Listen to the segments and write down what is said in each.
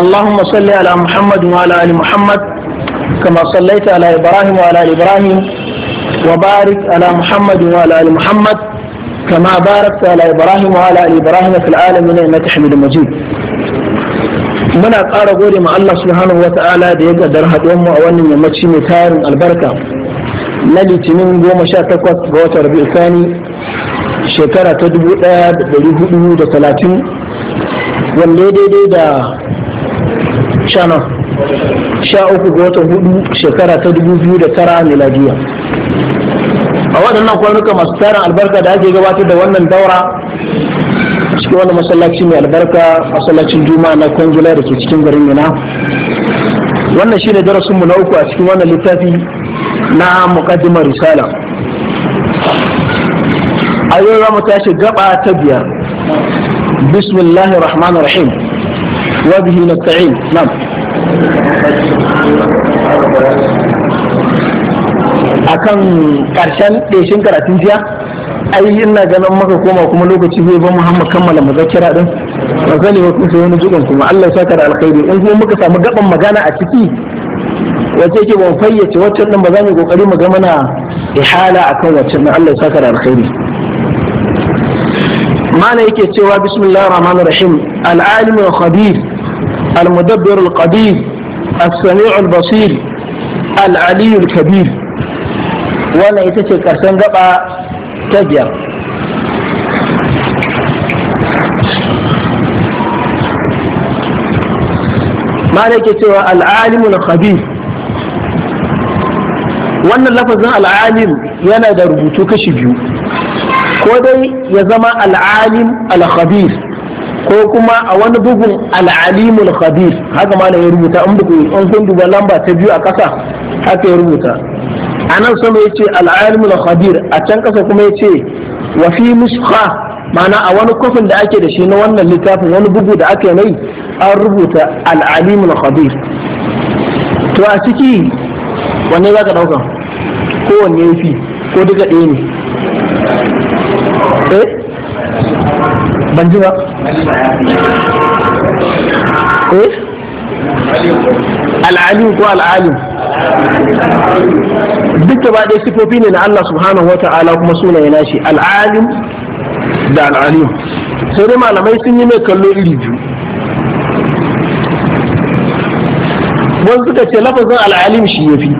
اللهم صل على محمد وعلى ال محمد كما صليت على ابراهيم وعلى ال ابراهيم وبارك على محمد وعلى ال محمد كما باركت على ابراهيم وعلى ال ابراهيم في العالمين انك حميد مجيد muna ƙara gode ma Allah subhanahu wa ta'ala da ya gaddar haɗuwar mu a wannan yammaci mai tarin albarka na litinin goma sha takwas ga watan rabi'u shekara ta 1430 wanda daidai da shanan sha uku ga watan hudu shekara ta 2009 miladiya a waɗannan kwanuka masu tarin albarka da ake gabatar da wannan daura cikin wani masallaci mai albarka masallacin juma na kwangila da ke cikin garin mina wannan shine darasinmu na uku a cikin wannan littafi na muƙaddimar risala a yau za mu tashi gaba ta biyar bismillahir rahmanir rahim wa bihi nasta'in nam akan karshen ɗeshin karatun jiya ai ina ganin maka koma kuma lokaci zai ba muhammad kammala muzakkira din ba zane ba kusa wani jigon kuma allah ya saka da alkhairi in kuma muka samu gaban magana a ciki wace ke ban fayyace waccan din ba za mu kokari mu ga mana ihala akan waccan din allah ya saka da alkhairi معنى يكي تشوى بسم الله الرحمن الرحيم العالم الخبير المدبر القدير السميع البصير العلي الكبير ولا يتشك أرسان قبع تجر معنى يكي تشوى العالم الخبير وأن اللفظ العالم ينادر بوتوك شبيوه ko dai ya zama al'alim al-khabir ko kuma a wani bugun al'alimul khabir haka malam ya rubuta in bugu in kun duba lamba ta biyu a ƙasa haka ya rubuta a nan sama ya ce al'alimul khabir a can ƙasa kuma ya ce wa fi ma'ana a wani kofin da ake da shi na wannan littafin wani bugu da ake mai an rubuta al'alimul khabir to a ciki wanne za ka ɗauka kowanne ya fi ko duka ɗaya ne eh ban ji ba eh al'alim ko al'alim duk ba ɗaya sifofi ne na Allah subhanahu wa ta'ala kuma suna yana shi al'alim da al'alim sai dai malamai sun yi mai kallo iri biyu wasu suka ce lafazin al'alim shi ya fi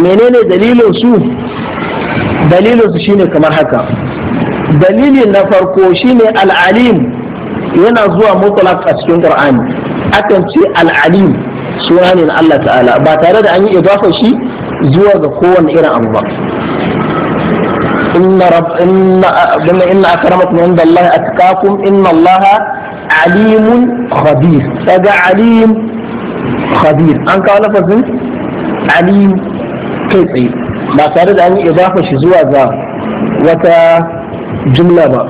menene dalilin su dalilinsu shine kamar haka dalili na farko shine al'alim yana zuwa mutlaq a cikin qur'ani akan ce al'alim suna ne na Allah ta'ala ba tare da an yi idafa shi zuwa ga kowane irin abu ba inna rabb inna inna akramakum inda Allah inna Allah alimun khabir daga alim khabir an kawo lafazin alim kai tsaye ba tare da an yi idafa shi zuwa ga wata jumla ba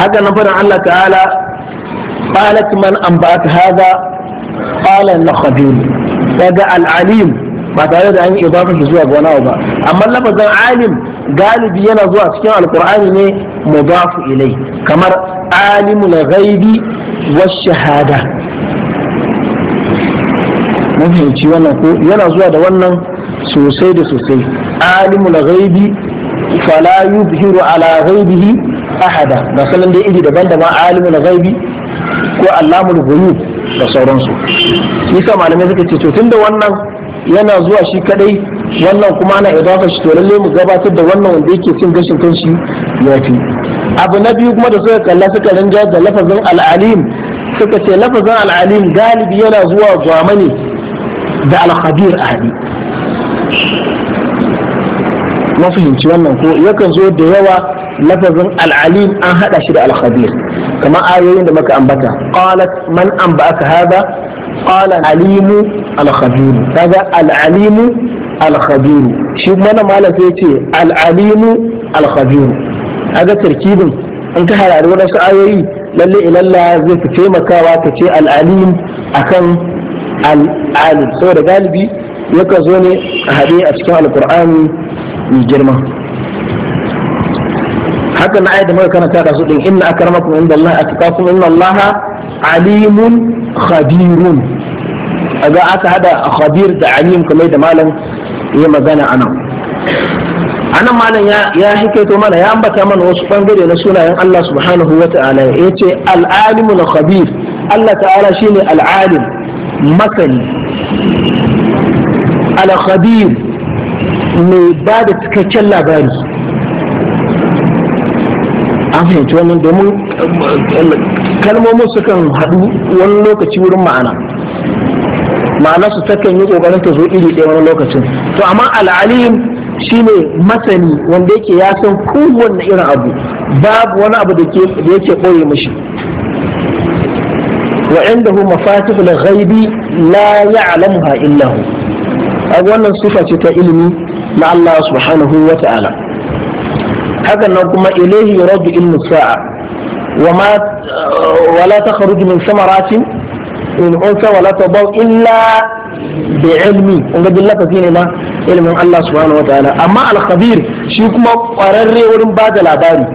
haka na fara Allah ta'ala قالت من أنبأت هذا قال النخبين هذا العليم ما تريد أن إضافة جزوة ونوبة أما اللفظ العالم قال بينا زوء سكين القرآن مضاف إليه كما عالم الغيب والشهادة مهم شيء ونقول ينا زوء دوانا sosai da sosai alimul ghaibi fala yuzhiru ala ghaibihi ahada ga sanan iri daban-daban alimul ghaibi ko allamul ghuyub da sauransu yasa malamai suka ce to tunda wannan yana zuwa shi kadai wannan kuma ana idafa shi to lalle mu gabatar da wannan wanda yake cin gashin kanshi yafi abu na biyu kuma da suka kalla suka rinja da lafazin al'alim suka ce lafazin al'alim galibi yana zuwa zamani da al-khabir ahadi fahimci wannan ko yakan zo da yawa lafazin al'alim an hada shi da al-khabir kamar ayoyin da muka ambata qalat man anba'aka hada qala alimu al-khabir kaga al-alimu al-khabir shi mana malam sai yace al-alimu al-khabir kaga tarkibin in ka harare wadansu ayoyi lalle ilalla zai fi taimakawa ka ce al-alim akan al-alim saboda galibi yakan zo ne a haɗe a cikin alkur'ani mai girma haka na ayyada muka karanta da su din inna kuma inda Allah kuma inna Allah alimun khabirun ga aka hada khabir da alim kamar da malam ya magana anan anan malam ya hikaito mana ya ambata mana wasu bangare na sunayen Allah subhanahu wa ta'ala ya ce al'alimu khabir Allah ta'ala shine al'alim masani al mai ba da cikakken labari an fahimci wannan domin eh, kalmomin sukan haɗu wani lokaci wurin ma'ana ma'ana su takan yi ƙoƙarin ta zo iri ɗaya wani lokacin to amma al'alim shine masani wanda yake ya san kowanne irin abu babu wani abu da yake ɓoye mashi wa hu mafatihul ghaibi la ya'lamuha illa hu kaga wannan sifa ce ta ilimi na Allah subhanahu wa ta'ala hakan nan kuma ilaihi yuraddu ilmu sa'a wa ma wa la takhruju min samaratin in unsa wa la tadaw illa bi ilmi kun ga dillaka ne na ilimin Allah subhanahu wa ta'ala amma al-khabir shi kuma kwararre wurin bada labari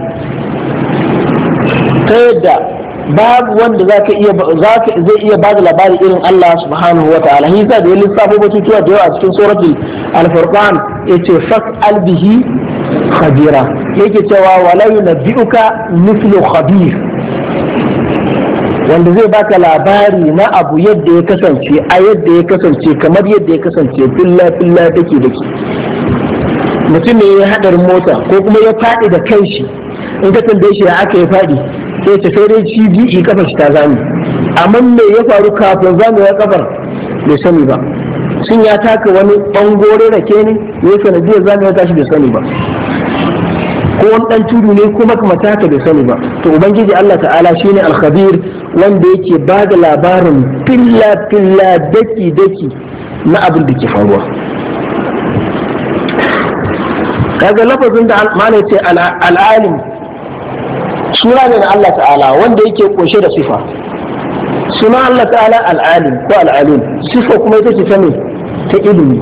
ta yadda babu wanda zaka iya zaka zai iya ba da labari irin Allah subhanahu wa ta'ala shi da ya lissafo batutuwa da yawa a cikin suratul al-furqan yace fas'al bihi khabira yake cewa wala yunabbi'uka mithlu khabir wanda zai baka labari na abu yadda ya kasance a yadda ya kasance kamar yadda ya kasance filla filla take dake mutum ne ya hadarin mota ko kuma ya faɗi da kanshi in ka tambaye shi ya aka ya faɗi sai ta sai dai cibi kafar shi ta zami amma me ya faru kafin zami ya kafar bai sani ba sun ya taka wani bangore rake ne ya sanadiyar zami ya tashi bai sani ba ko wani dan tudu ne kuma kuma taka bai sani ba to ubangiji Allah ta'ala shine al-khabir wanda yake ba da labarin filla filla daki daki na abin da ke faruwa kaga lafazin da malai ce al-alim suna ne na Allah ta'ala wanda yake kunshe da sifa suna Allah ta'ala al'alim ko al'alim sifa kuma ita ce ta ta ilimi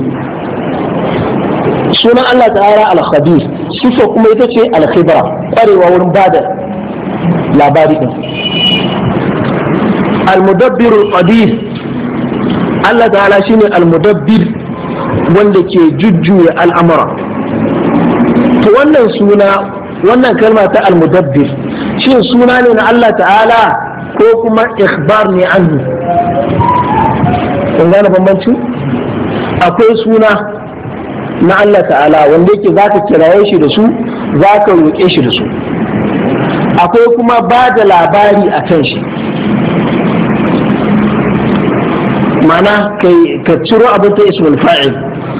suna Allah ta'ala al-khabir sifa kuma ita ce al-khibra kwarewa wurin bada labari din al-mudabbir qadir Allah ta'ala shine al-mudabbir wanda ke jujjuya al'amura to wannan suna wannan kalma ta al-mudabbir shin suna ne na Allah ta'ala ko kuma ikhbar ne anhu kun gane bambancin? akwai suna na Allah ta'ala wanda yake za ka kiraye shi da su za ka roƙe shi da su akwai kuma ba da labari a kan shi mana ka ciro abin ta ismul fa'il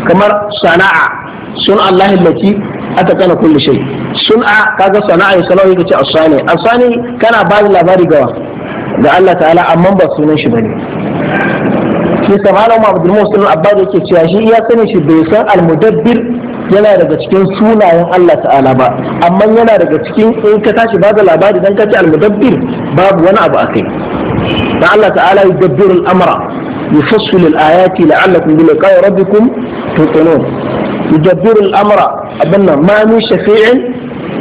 kamar sana'a sun Allah laki aka kana kulle shai. sun'a kaga sana'a ya salawa yake ce asani asani kana ba da labari gawa ga Allah ta'ala amma ba sunan shi bane shi samala ma abdul musulun abbas yake cewa shi ya sani shi bai san almudabbir yana daga cikin sunayen Allah ta'ala ba amma yana daga cikin in ka tashi ba da labari dan kace almudabbir babu wani abu akai da Allah ta'ala yudabbiru al-amra yufassilu al-ayati la'allakum bi liqa'i rabbikum tuqinun يدبر الامر ابن ما من شفيع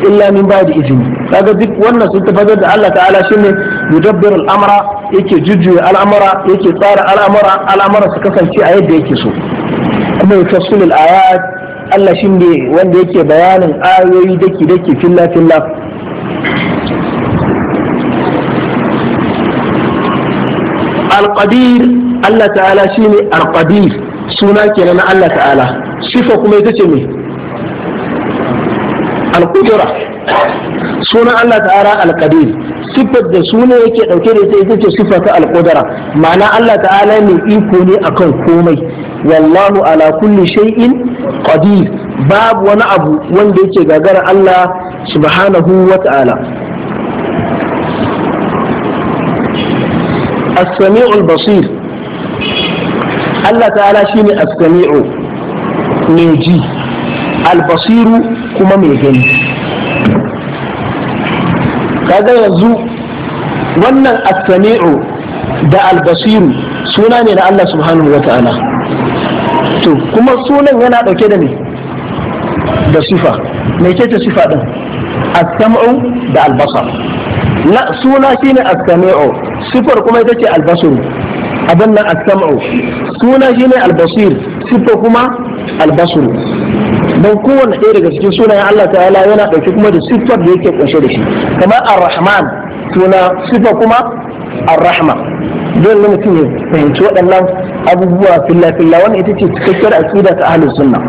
illa min ba da izini kaga duk wannan sun tabbatar da Allah ta'ala shine yudabbiru al'amara yake jujjuya al'amara yake tsara al'amara al'amara su kasance a yadda yake so kuma ya tafsil al-ayat Allah shine wanda yake bayanin ayoyi daki daki filla filla al-qadir Allah ta'ala shine al-qadir suna kenan Allah ta'ala sifa kuma ita ce me al sunan Allah ta'ala al-qadir sifar da sune yake dauke da ita ita ce sifar al ma'ana Allah ta'ala ne iko ne akan komai wallahu ala kulli shay'in qadir babu wani abu wanda yake gagara Allah subhanahu wa ta'ala as-sami'u al-basir Allah ta'ala shine as-sami'u ne ji albasiru kuma mai gani kaga yanzu wannan asami'u da albasiru suna ne na Allah subhanahu wa ta'ala to kuma sunan yana dauke da ne da sifa mai ce sifa din asami'u da albasar la suna shine asami'u sifar kuma ita ce albasiru abin nan asam'u suna shine albasir sifar kuma albasiru don kowane ɗaya daga cikin sunayen Allah ta'ala yana ɗauki kuma da siffar da yake ƙunshe da shi kamar ar-rahman suna siffa kuma ar-rahma dole mutum ya fahimci waɗannan abubuwa filla-filla wani ita ce cikakkiyar aqida ta ahlus sunna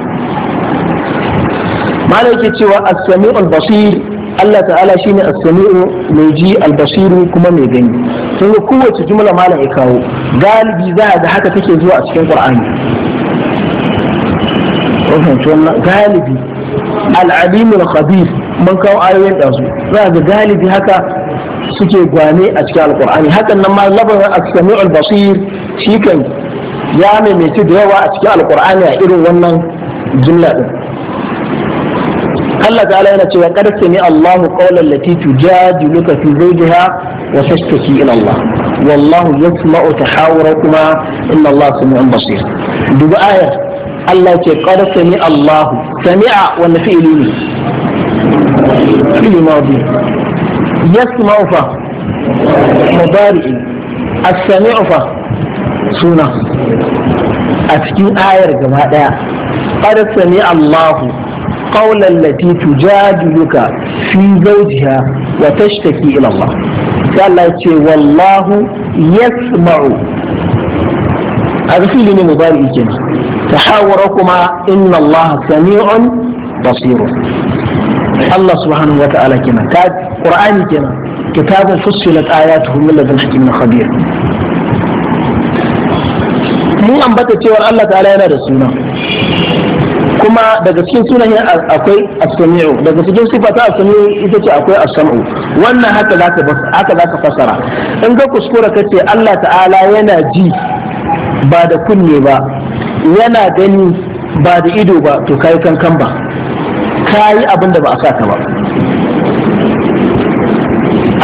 malai yake cewa as-sami'ul basir Allah ta'ala shine as-sami'u mai ji al-basiru kuma mai gani kun kowace jumla malam ya kawo galibi za a ga haka take zuwa a cikin qur'ani galibi al'alimul khabir mun kawo ayoyin ɗazu za ga galibi haka suke gwane a cikin alkur'ani hakan nan ma labarin al basir shi kan ya maimaitu da yawa a cikin alkur'ani a irin wannan jumla din Allah ta'ala yana cewa kada sami Allahu qawlan lati tujadiluka fi zawjiha wa tashtaki ila Allah wallahu yasma'u tahawurakuma inna Allah sami'un basir duba ayar Allah ce qad sami Allahu sami'a wanda fi'ili ne fi'ili madi yasma'u fa mudari as-sami'u fa suna a cikin ayar gaba daya qad sami Allahu قول التي تجادلك في زوجها وتشتكي إلى الله قال والله يسمع هذا في لنا مضارع كنا تحاوركما إن الله سميع بصير الله سبحانه وتعالى كنا قرآن كنا كتاب فصلت آياته من لدى الحكيم خبير mun ambata cewar Allah ta'ala yana da suna kuma daga cikin sunan akwai as-sami'u daga cikin sifata as-sami'u ita ce akwai as-sam'u wannan haka za ka haka za ka fasara in ka kuskura ka Allah ta'ala yana ji ba da kunne ba yana gani ba da ido ba to kayi kankan ba kayi abin da ba a sa ka ba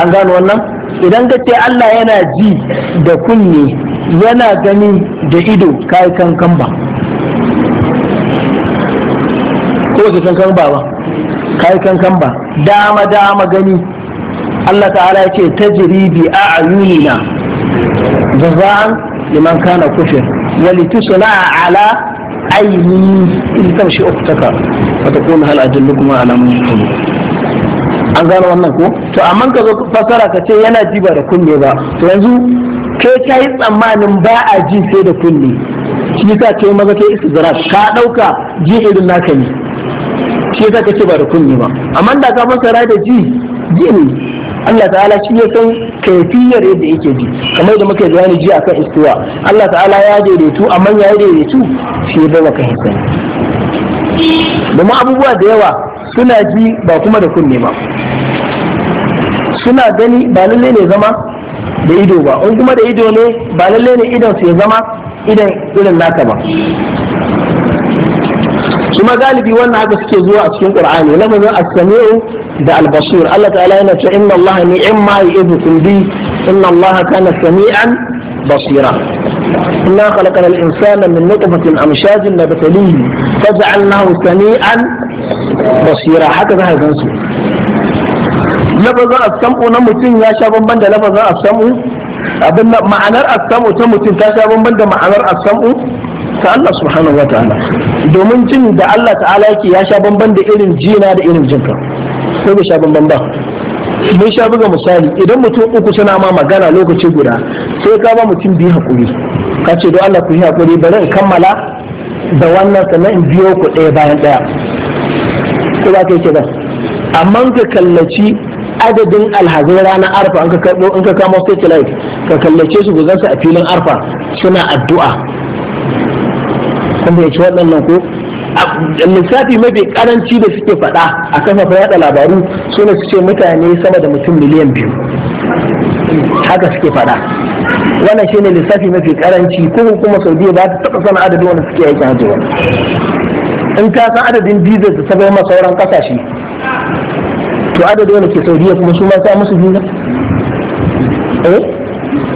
an gano wannan idan ka Allah yana ji da kunne yana gani da ido kayi kankan ba ko ka kankan ba ba kayi kankan ba dama dama gani Allah ta'ala ya ce tajribi ayunina jaza'an liman kana kufir ولتصنع على عيني إذ تمشي أختك فتقول هل أدلكما على من an gano wannan ko to amma ka zo fasara ka ce yana ji ba da kunne ba to yanzu ke ka yi tsammanin ba a ji sai da kunne shi yasa ke maza ke istizara ka dauka ji irin naka ne shi yasa ka ce ba da kunne ba amma da ka fasara da ji ji ne Allah ta'ala shi ya san kaifiyar yadda yake ji kamar da muka bayani jiya akan istiwa Allah ta'ala ya daidaitu amma ya daidaitu shi ya baka kan domin abubuwa da yawa suna ji ba kuma da kunne ba suna gani ba lalle ne zama da ido ba in kuma da ido ne ba lalle ne idan su ya zama idan irin naka ba kuma galibi wannan haka suke zuwa a cikin qur'ani lafazin as-sami'u da al-basir Allah ta'ala yana cewa inna Allah ni'ma yu'idukum bi inna Allah kana sami'an basira inna khalaqna al-insana min nutfatin amshajin nabtalihi faj'alnahu sami'an basira haka za ka su lafazin as-sam'u na mutum ya sha bamban da lafazin as-sam'u abin ma'anar as-sam'u ta mutum ta sha bamban da ma'anar as-sam'u ta Allah subhanahu wa ta'ala domin jin da Allah ta'ala yake ya sha bamban da irin jina da irin jinka ko bai sha bamban ba mun sha buga misali idan mutum uku suna ma magana lokaci guda sai ka ba mutum biyu hakuri ka ce don Allah ku yi hakuri bari in kammala da wannan sannan in biyo ku ɗaya bayan ɗaya ko za ka yi ba amma ka kallaci adadin alhazai ranar arfa in ka kamo satellite ka kallace su guzansa a filin arfa suna addu'a kun fahimci waɗannan ko lissafi mafi karanci da suke faɗa a kafafen yada labaru su ne su ce mutane sama da mutum miliyan biyu haka suke faɗa wannan ne lissafi mafi karanci ko kuma biyu ba ta taɓa sana adadin wanda suke aikin hajji wani in ka san adadin visa da sabai masu sauran kasashe to adadin wanda ke saudiya kuma su ma sa musu visa eh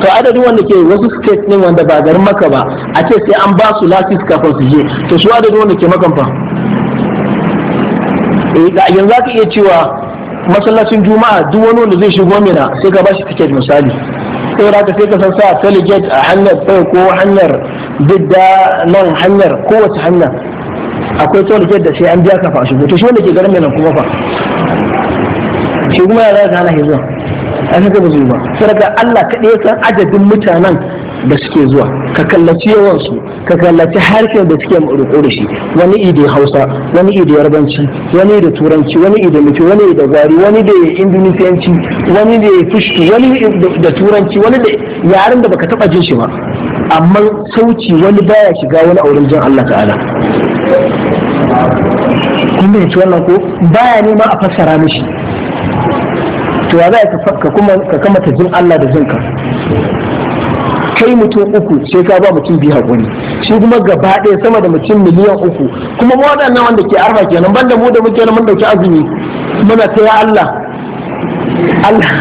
to adadin wanda ke wasu state ne wanda ba garin maka ba a ce sai an ba su license kafin su je to su adadin wanda ke makan fa eh za ka iya cewa masallacin juma'a duk wani wanda zai shigo mina sai ka ba shi ticket misali saboda ka sai ka san sa delegate a hanyar ko hanyar didda nan hanyar kowace hanyar akwai toll da sai an biya ka fa shigo to shi wanda ke garin mina kuma fa shi kuma ya za ka hana hizo an haka ba zai ba sadaka Allah ka ya san adadin mutanen da suke zuwa ka kallaci yawansu ka kallaci harshen da suke roƙo da shi wani idin hausa wani idin yarbanci wani da turanci wani idin mutu wani da gwari wani da indonesiyanci wani da fushki wani da turanci wani da yaren da baka taba jin shi ba amma sauci wani baya shiga wani auren jin Allah ta'ala kun bai wannan ko baya nema a fassara mishi to ya za ka kuma ka kama ta jin Allah da jinka kai mutum uku sai ka ba mutum biyu hakuri shi kuma gaba ɗaya sama da mutum miliyan uku kuma mu waɗannan wanda ke arba kenan banda mu da muke mun dauki azumi muna ta ya Allah Allah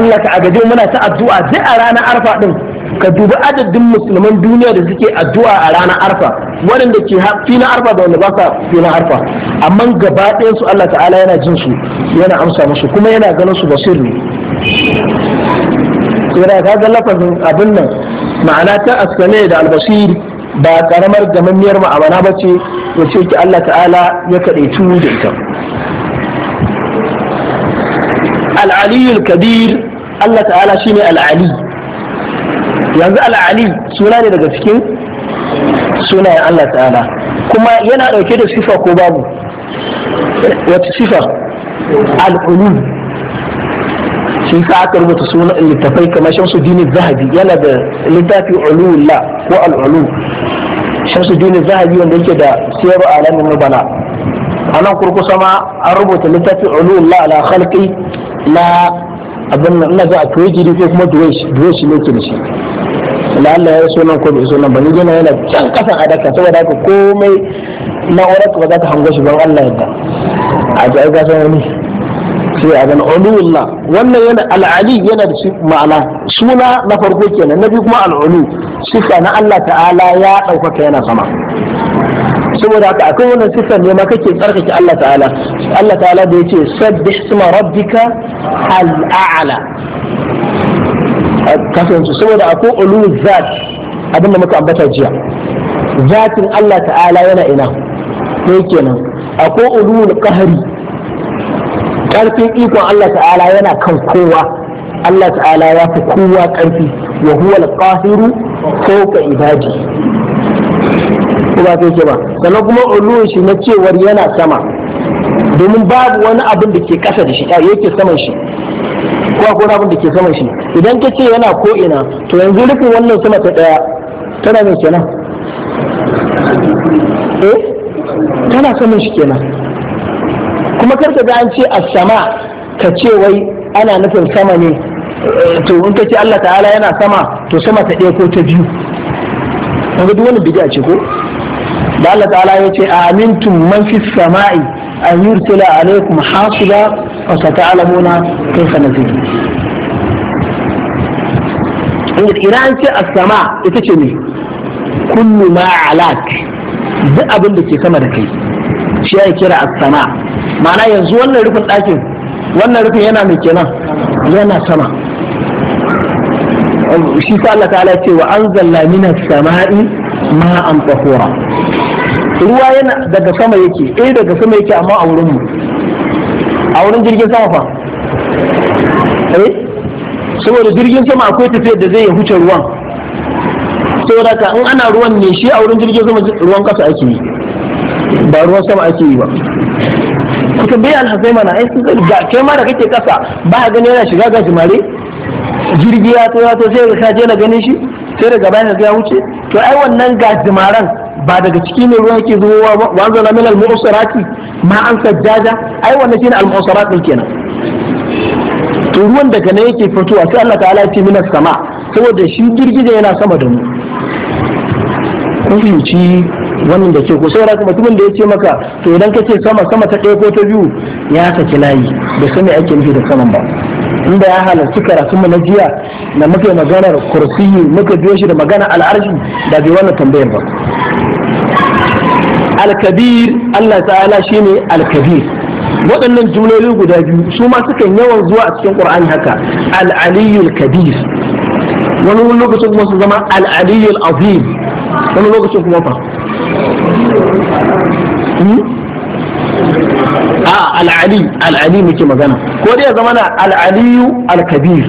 Allah ka agaje muna ta addu'a duk a ranar arfa din ka dubi adadin musulman duniya da suke addu'a a ranar arfa waɗanda ke na arfa da wanda ba sa na arfa amma gaba ɗayan su Allah ta'ala yana jin su yana amsa musu kuma yana ganin su basir ne sai ka ga lafazin abin nan ma'ana ta askane da albasir ba karamar gamammiyar ma'amana ba ce wacce ki Allah ta'ala ya kaɗaitu da ita al-aliyul kabir Allah ta'ala shine al-ali yanzu al'ali suna ne daga cikin sunayen Allah ta'ala kuma yana ɗauke da sifa ko babu wata sifa al'ulun shi ka aka rubuta suna littafai kamar shamsu dini zahabi yana da littafi ululla ko shan shamsu dini zahabi wanda yake da siyar alamin nubala a nan kurkusa ma an rubuta littafi ululla ala khalqi la abin nan ina za a tuwe jiri ko kuma duwai shi ne ke da shi lalla ya sunan ko bai sunan ba ni gina yana can kasan adaka saboda haka komai na'urar ka ba za ka hango shi ban Allah yadda a ji ai gasan wani sai a gani uluwullah wannan yana al'ali yana da ma'ana suna na farko kenan na biyu kuma al'ulu sifa na Allah ta'ala ya ɗaukaka yana sama saboda haka akwai wannan sifar ne ma kake tsarkake Allah ta'ala Allah ta'ala da yace sabbih isma rabbika al kasance saboda akwai ulu zat abin da muka ambata jiya zatin Allah ta'ala yana ina ne kenan akwai ulu qahri karfin ikon Allah ta'ala yana kan kowa Allah ta'ala ya fi kowa karfi wa huwa al-qahiru fawqa ibadi Ko kuma ke ba sannan kuma ulu shi na cewar yana sama domin babu wani abin da ke kasa da shi yake saman shi ko akwai abin da ke sama shi idan ka ce yana ko ina to yanzu rufin wannan sama ta daya tana mai kenan eh tana saman shi kenan kuma karka ga an ce as-sama ka ce wai ana nufin sama ne eh, to in ka ce Allah ta'ala yana sama to sama ta ɗaya ko ta biyu kaga duk wani bid'a ce ko da Allah ta'ala ya ce a amintum man fis sama'i an yursila alaikum hasiba fa sata'lamuna كيف نزيد عند إيران السماء إتشمي كل ما علاك duk abin da ke sama da kai shi ya kira as-sama ma'ana yanzu wannan rufin ɗakin wannan rufin yana mai kenan yana sama shi sa Allah ce wa ruwa yana daga sama yake eh daga sama yake amma a wurin mu a wurin jirgin sama fa Eh? saboda jirgin sama akwai tafiyar da zai ya huce ruwan saboda ka in ana ruwan ne shi a wurin jirgin sama ruwan kasa ake yi ba ruwan sama ake yi ba kuka bai alhazai mana ai sun ga kai ma da kake kasa ba a gani yana shiga ga jimare jirgi ya to ya to sai ka je na ganin shi sai daga bayan ga ya wuce to ai wannan ga jimaran ba daga ciki ne ruwa yake zuwa wa na min al-mu'sirati ma an sajjaja ai wannan shine al-mu'sirat kenan to ruwan daga nan yake fitowa sai Allah ta'ala ya ce minas sama saboda shi girgije yana sama da mu kun fahimci wannan da ke ko saura kuma mutumin da ya ce maka to idan ka ce sama sama ta ɗaya ko ta biyu ya saki layi da sani ake nufi da saman ba inda ya halarci karatun mu na jiya na muka yi maganar kursiyi muka biyo shi da magana al'arshi da bai wannan tambayar ba al-kabir Allah ta'ala shine al-kabir waɗannan jumloli guda biyu su ma sukan yawan zuwa a cikin qur'ani haka al-aliyyul kabir wani lokacin kuma su zama al-aliyyul azim wani lokacin kuma fa hmm? a al'ali ali muke magana ko dai ya zama na al'aliyu aliyyu al-kabir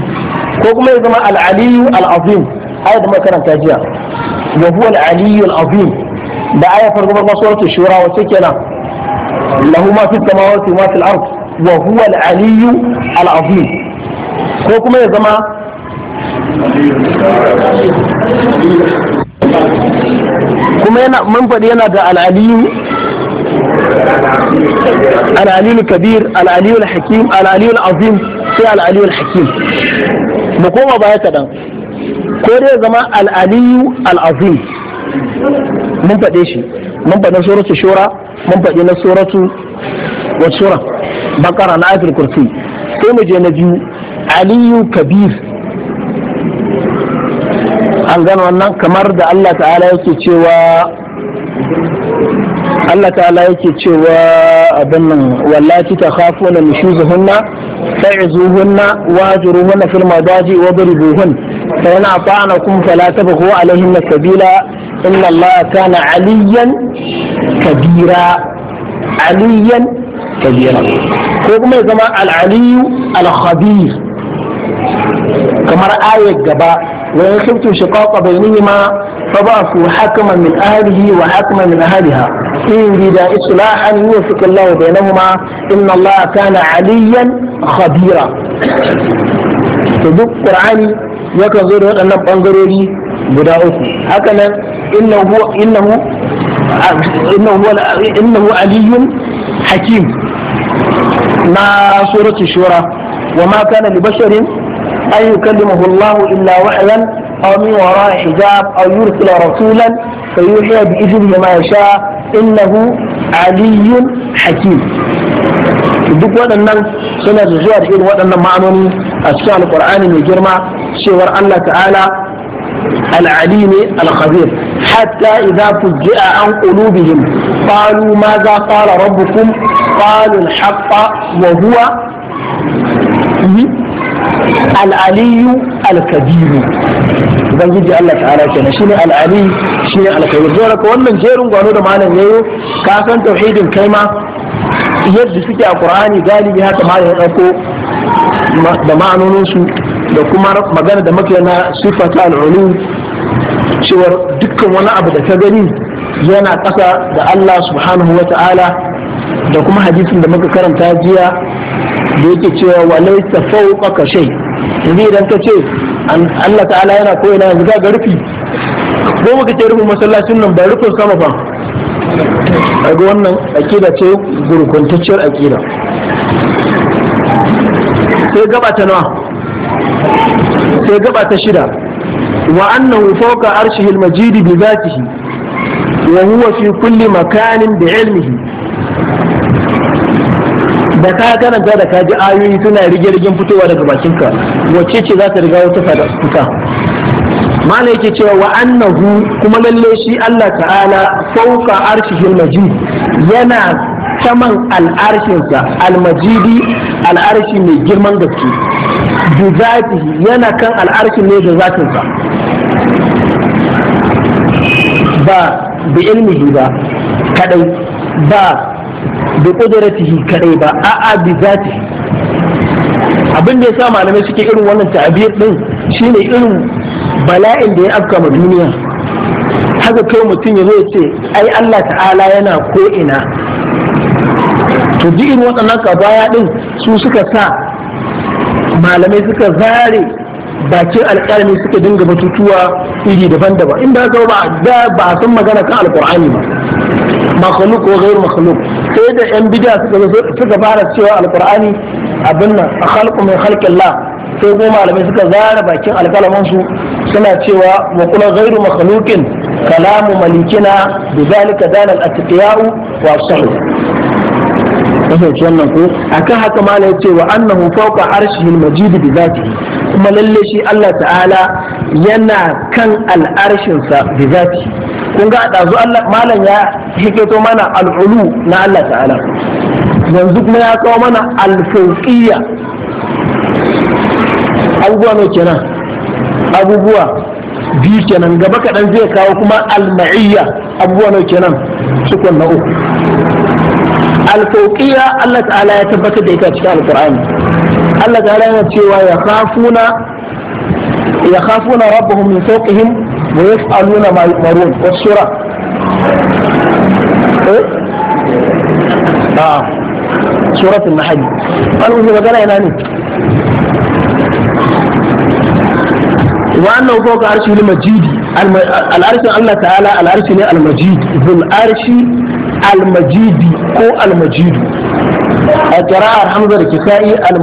ko kuma ya zama al'aliyu aliyyu al-azim ayat da makaranta jiya wa huwa al-aliyyu al-azim da aya farko farko suratul shura wace kenan له ما في السماوات وما في الأرض وهو العلي العظيم كوكما يا زمان كما ينا من قد ينا دا العلي العلي الكبير العلي الحكيم العلي العظيم في العلي الحكيم مقوم بها تدام كوريا زمان العلي العظيم من قد ايشي من قد نصورة الشورى mun faɗi na suratu wa sura bakara na ayatul kursi sai mu je na biyu aliyu kabir an gano wannan kamar da Allah ta'ala yake cewa Allah ta'ala yake cewa abin nan wallati ta khafo na nushuzuhunna fa'izuhunna wajuruhunna fil madaji wa duribuhun fa yana fa'ana kum fala tabghu alaihinna sabila إن الله كان عليا كبيرا عليا كبيرا كما يسمى العلي الخبير كما رأي الجباء وإن شقاق بينهما فبعثوا حكما من أهله وحكما من أهلها إن بدا إصلاحا يوفق الله بينهما إن الله كان عليا خبيرا تدق قرآني يكذر أن أن بانغروري لي بدا أخو هكذا إنه هو إنه آه، إنه هو إنه علي حكيم مع سورة الشورى وما كان لبشر أن يكلمه الله إلا وحيا أو من وراء حجاب أو يرسل رسولا فيوحي بإذنه ما يشاء إنه علي حكيم duk waɗannan suna da zuwa da irin waɗannan ma'anoni a cikin alƙur'ani mai girma cewar Allah ta'ala al'ali ne al-khabir hatta idza fuji'a an qulubihim qalu ma za qala rabbukum qalu al-haqq wa huwa al ubangiji Allah ta'ala kenan shine al'ali shine al-kabir dole wannan jerin gwano da malam yayo ka san tauhidin kai ma yadda suke a Qur'ani galibi haka malam ya dauko da ma'anonin su da kuma magana da muke na sifata al-ulum cewar dukkan wani abu da ta gani yana ƙasa da Allah subhanahu wa ta'ala da kuma hadisin da muka karanta jiya da yake cewa wa laisa fawqaka shai yanzu idan ka ce Allah ta'ala yana na zuga ga rufi ko muka ce rufin masallacin nan ba rufin sama ba ga wannan akida ce gurkuntacciyar akida sai gaba ta nawa sai gaba ta shida وأنه فوق عرشه المجيد بذاته وهو في كل مكان بعلمه da ka karanta da ka ji ayoyi suna rige-rigen fitowa daga bakinka wacce ce za ta riga wata fuka mana yake cewa wa annahu kuma lalle shi Allah ta'ala fauka arshihil majid yana saman al'arshinsa almajidi al'arshi mai girman gaske bi yana kan al'arshi ne da zatinsa ba bi ilmihi ba kadai ba bi kudratihi kadai ba a'a bi zati abin da yasa malamai suke irin wannan ta'abir din shine irin bala'in da ya afka ma duniya haka kai mutum ya zo ya ce ai Allah ta'ala yana ko ina to duk irin waɗannan kabaya din su suka sa malamai suka zare bakin alƙalami suka dinga batutuwa iri daban-daban in ba ba da ba a san magana kan alƙur'ani ba makhluk ko gairu makhluk sai da yan bid'a suka suka fara cewa alƙur'ani abin nan khalqu min khalqillah sai kuma malamai suka zara bakin alƙalaman su suna cewa wa kula gairu makhluqin kalamu malikina bi zalika dana al-atqiya'u wa as kasance wannan ko akan haka mala yace wa annahu fawqa arshil majid bi zatihi kuma lalle shi Allah ta'ala yana kan al'arshinsa bi zati kun ga dazu Allah malam ya hikato mana al'ulu na Allah ta'ala yanzu kuma ya kawo mana alfulqiyya abubuwa ne kenan abubuwa biyu kenan gaba kaɗan zai kawo kuma al-ma'iyya abubuwa ne kenan cikon na uku alfulqiyya Allah ta'ala ya tabbatar da ita cikin al-Qur'ani Allah ta yana cewa ya khafuna ya khafuna rabbahum min fawqihim wa yaf'aluna ma yu'marun was-sura eh ah suratul nahl alwuzu magana ina ne وأنه فوق عرشه المجيد العرش الله تعالى العرش المجيد ذو العرش المجيد كو المجيد a kira'ar hamza da kisa'i al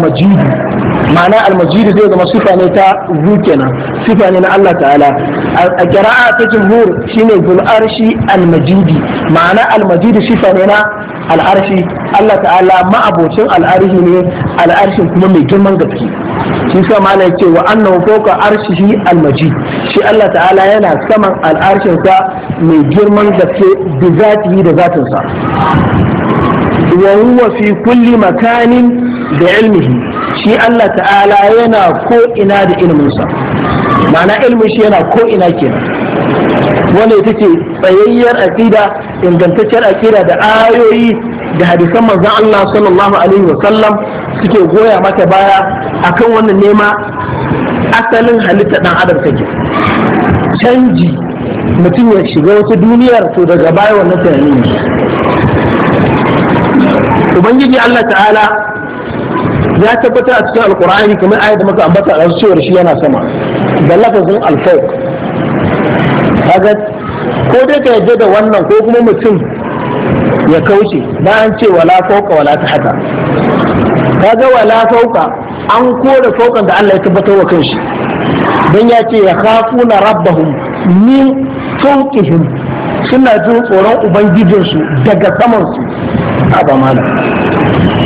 ma'ana al'majidi zai zama sifa ne ta zu kenan sifa ne na Allah ta'ala a kira'a ta jumhur shine zul arshi ma'ana al'majidi majidi sifa ne na Allah ta'ala ma'abocin al'arshi ne al'arshin kuma mai girman gaske shi sa malai ce wa annahu fawqa arshihi al shi Allah ta'ala yana saman al'arshin sa mai girman gaske bi zatihi da zatinsa wa huwa kulli makani da ilmihi shi Allah ta'ala yana ko ina da ilmusa, ma'ana ilmin shi yana ko'ina ina kenan wanda ita ce tsayayyar aqida ingantacciyar aqida da ayoyi da hadisan manzon Allah sallallahu wa sallam suke goya mata baya a kan wannan nema asalin halitta dan adam take canji mutum ya shiga wata duniyarsu daga baya wannan tunani ne ubangiji Allah ta'ala ya tabbata a cikin alkur'ani kamar ayat da muka ambata a cewar shi yana sama da lafazin alfauk kaga ko dai ka yadda da wannan ko kuma mutum ya kauce bayan ce wala fauka wala ta haka kaga wala fauka an kore faukan da Allah ya tabbatar wa kanshi dan ya ce ya na rabbahum min fawqihim suna jin tsoron ubangijinsu daga samansu a ba mana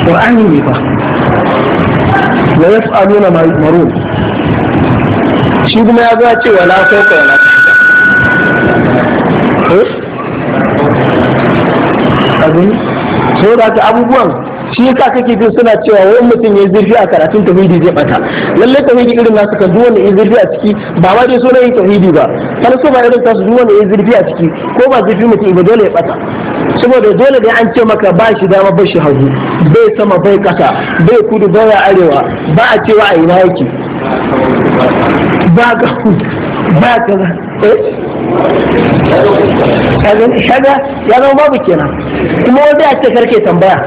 ƙur'ani ne ba wa ya fi na maro shi kuma ya zuwa cewa na sauka wa na eh? abin saboda abubuwan shi yasa kake jin suna cewa wani mutum ya zirfi a karatun tauhidi zai bata lalle tauhidi irin nasu kan duk wanda ya zurfi a ciki ba ma dai sunan tauhidi ba ba irin tasu duk wanda ya zirfi a ciki ko ba zirfi mutum ba dole ya bata saboda dole ne an ce maka ba shi dama ba shi hagu bai sama bai kasa bai kudu bai arewa ba a cewa a ina yake ba ka ba ka eh? shaga ya zama babu kenan kuma wanda ya ce karke tambaya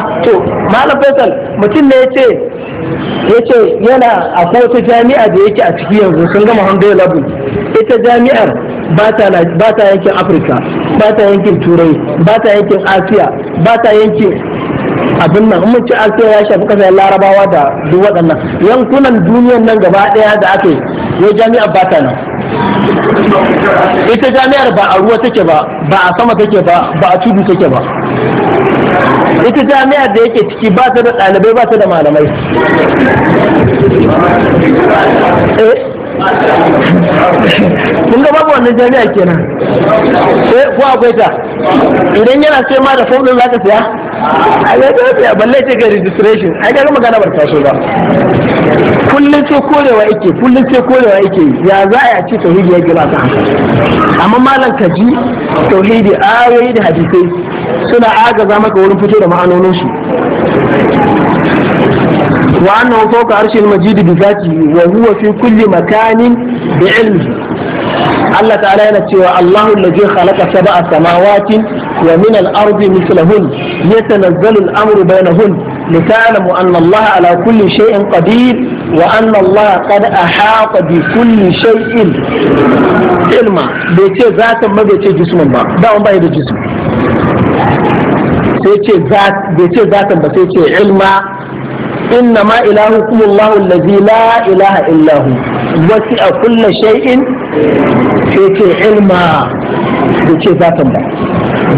ah, to malam faisal mutum ne ya ce ya ce yana a wata jami'a da yake a ciki yanzu sun gama hamdu labul ita jami'ar ba ta yankin afirka ba ta yankin turai ba ta yankin asiya ba ta yankin abin nan in mace ake ya shafi kasar larabawa da duk waɗannan yankunan duniyan nan gaba ɗaya da ake yau jami'ar ba ta nan ita jami'ar ba a ruwa take ba ba a sama take ba ba a tudu take ba ita jami'ar da yake ciki ba ta da ɗalibai ba ta da malamai eh, kun ga babu wannan jami'a kenan sai ko akwai ta idan yana sai ma da form din zaka siya a ga ta balle ce ga registration ai ga magana bar ta so ba kullum sai korewa yake kullum sai korewa yake ya za a ce tauhidi ya ba ta amma malam kaji tauhidi ayoyi da hadisai suna agaza maka wurin fito da ma'anonin shi wa annahu fawqa arshil majid bi zatihi wa huwa fi kulli makanin bi ilmihi Allah ta'ala yana cewa Allahu allazi khalaqa sab'a samawati wa min al-ardi mithlahun yatanazzalu al-amru bainahun لتعلموا أن الله ala كل شيء قدير وأن الله قد أحاط بكل شيء علما بيتي ذاتا ما بيتي جسما ما دعوا بايد الجسم سيتي ذات بيتي ذاتا بسيتي علما إنما إلهكم الله الذي لا إله إلا هو وسع كل شيء سيتي علما بيتي ذاتا ما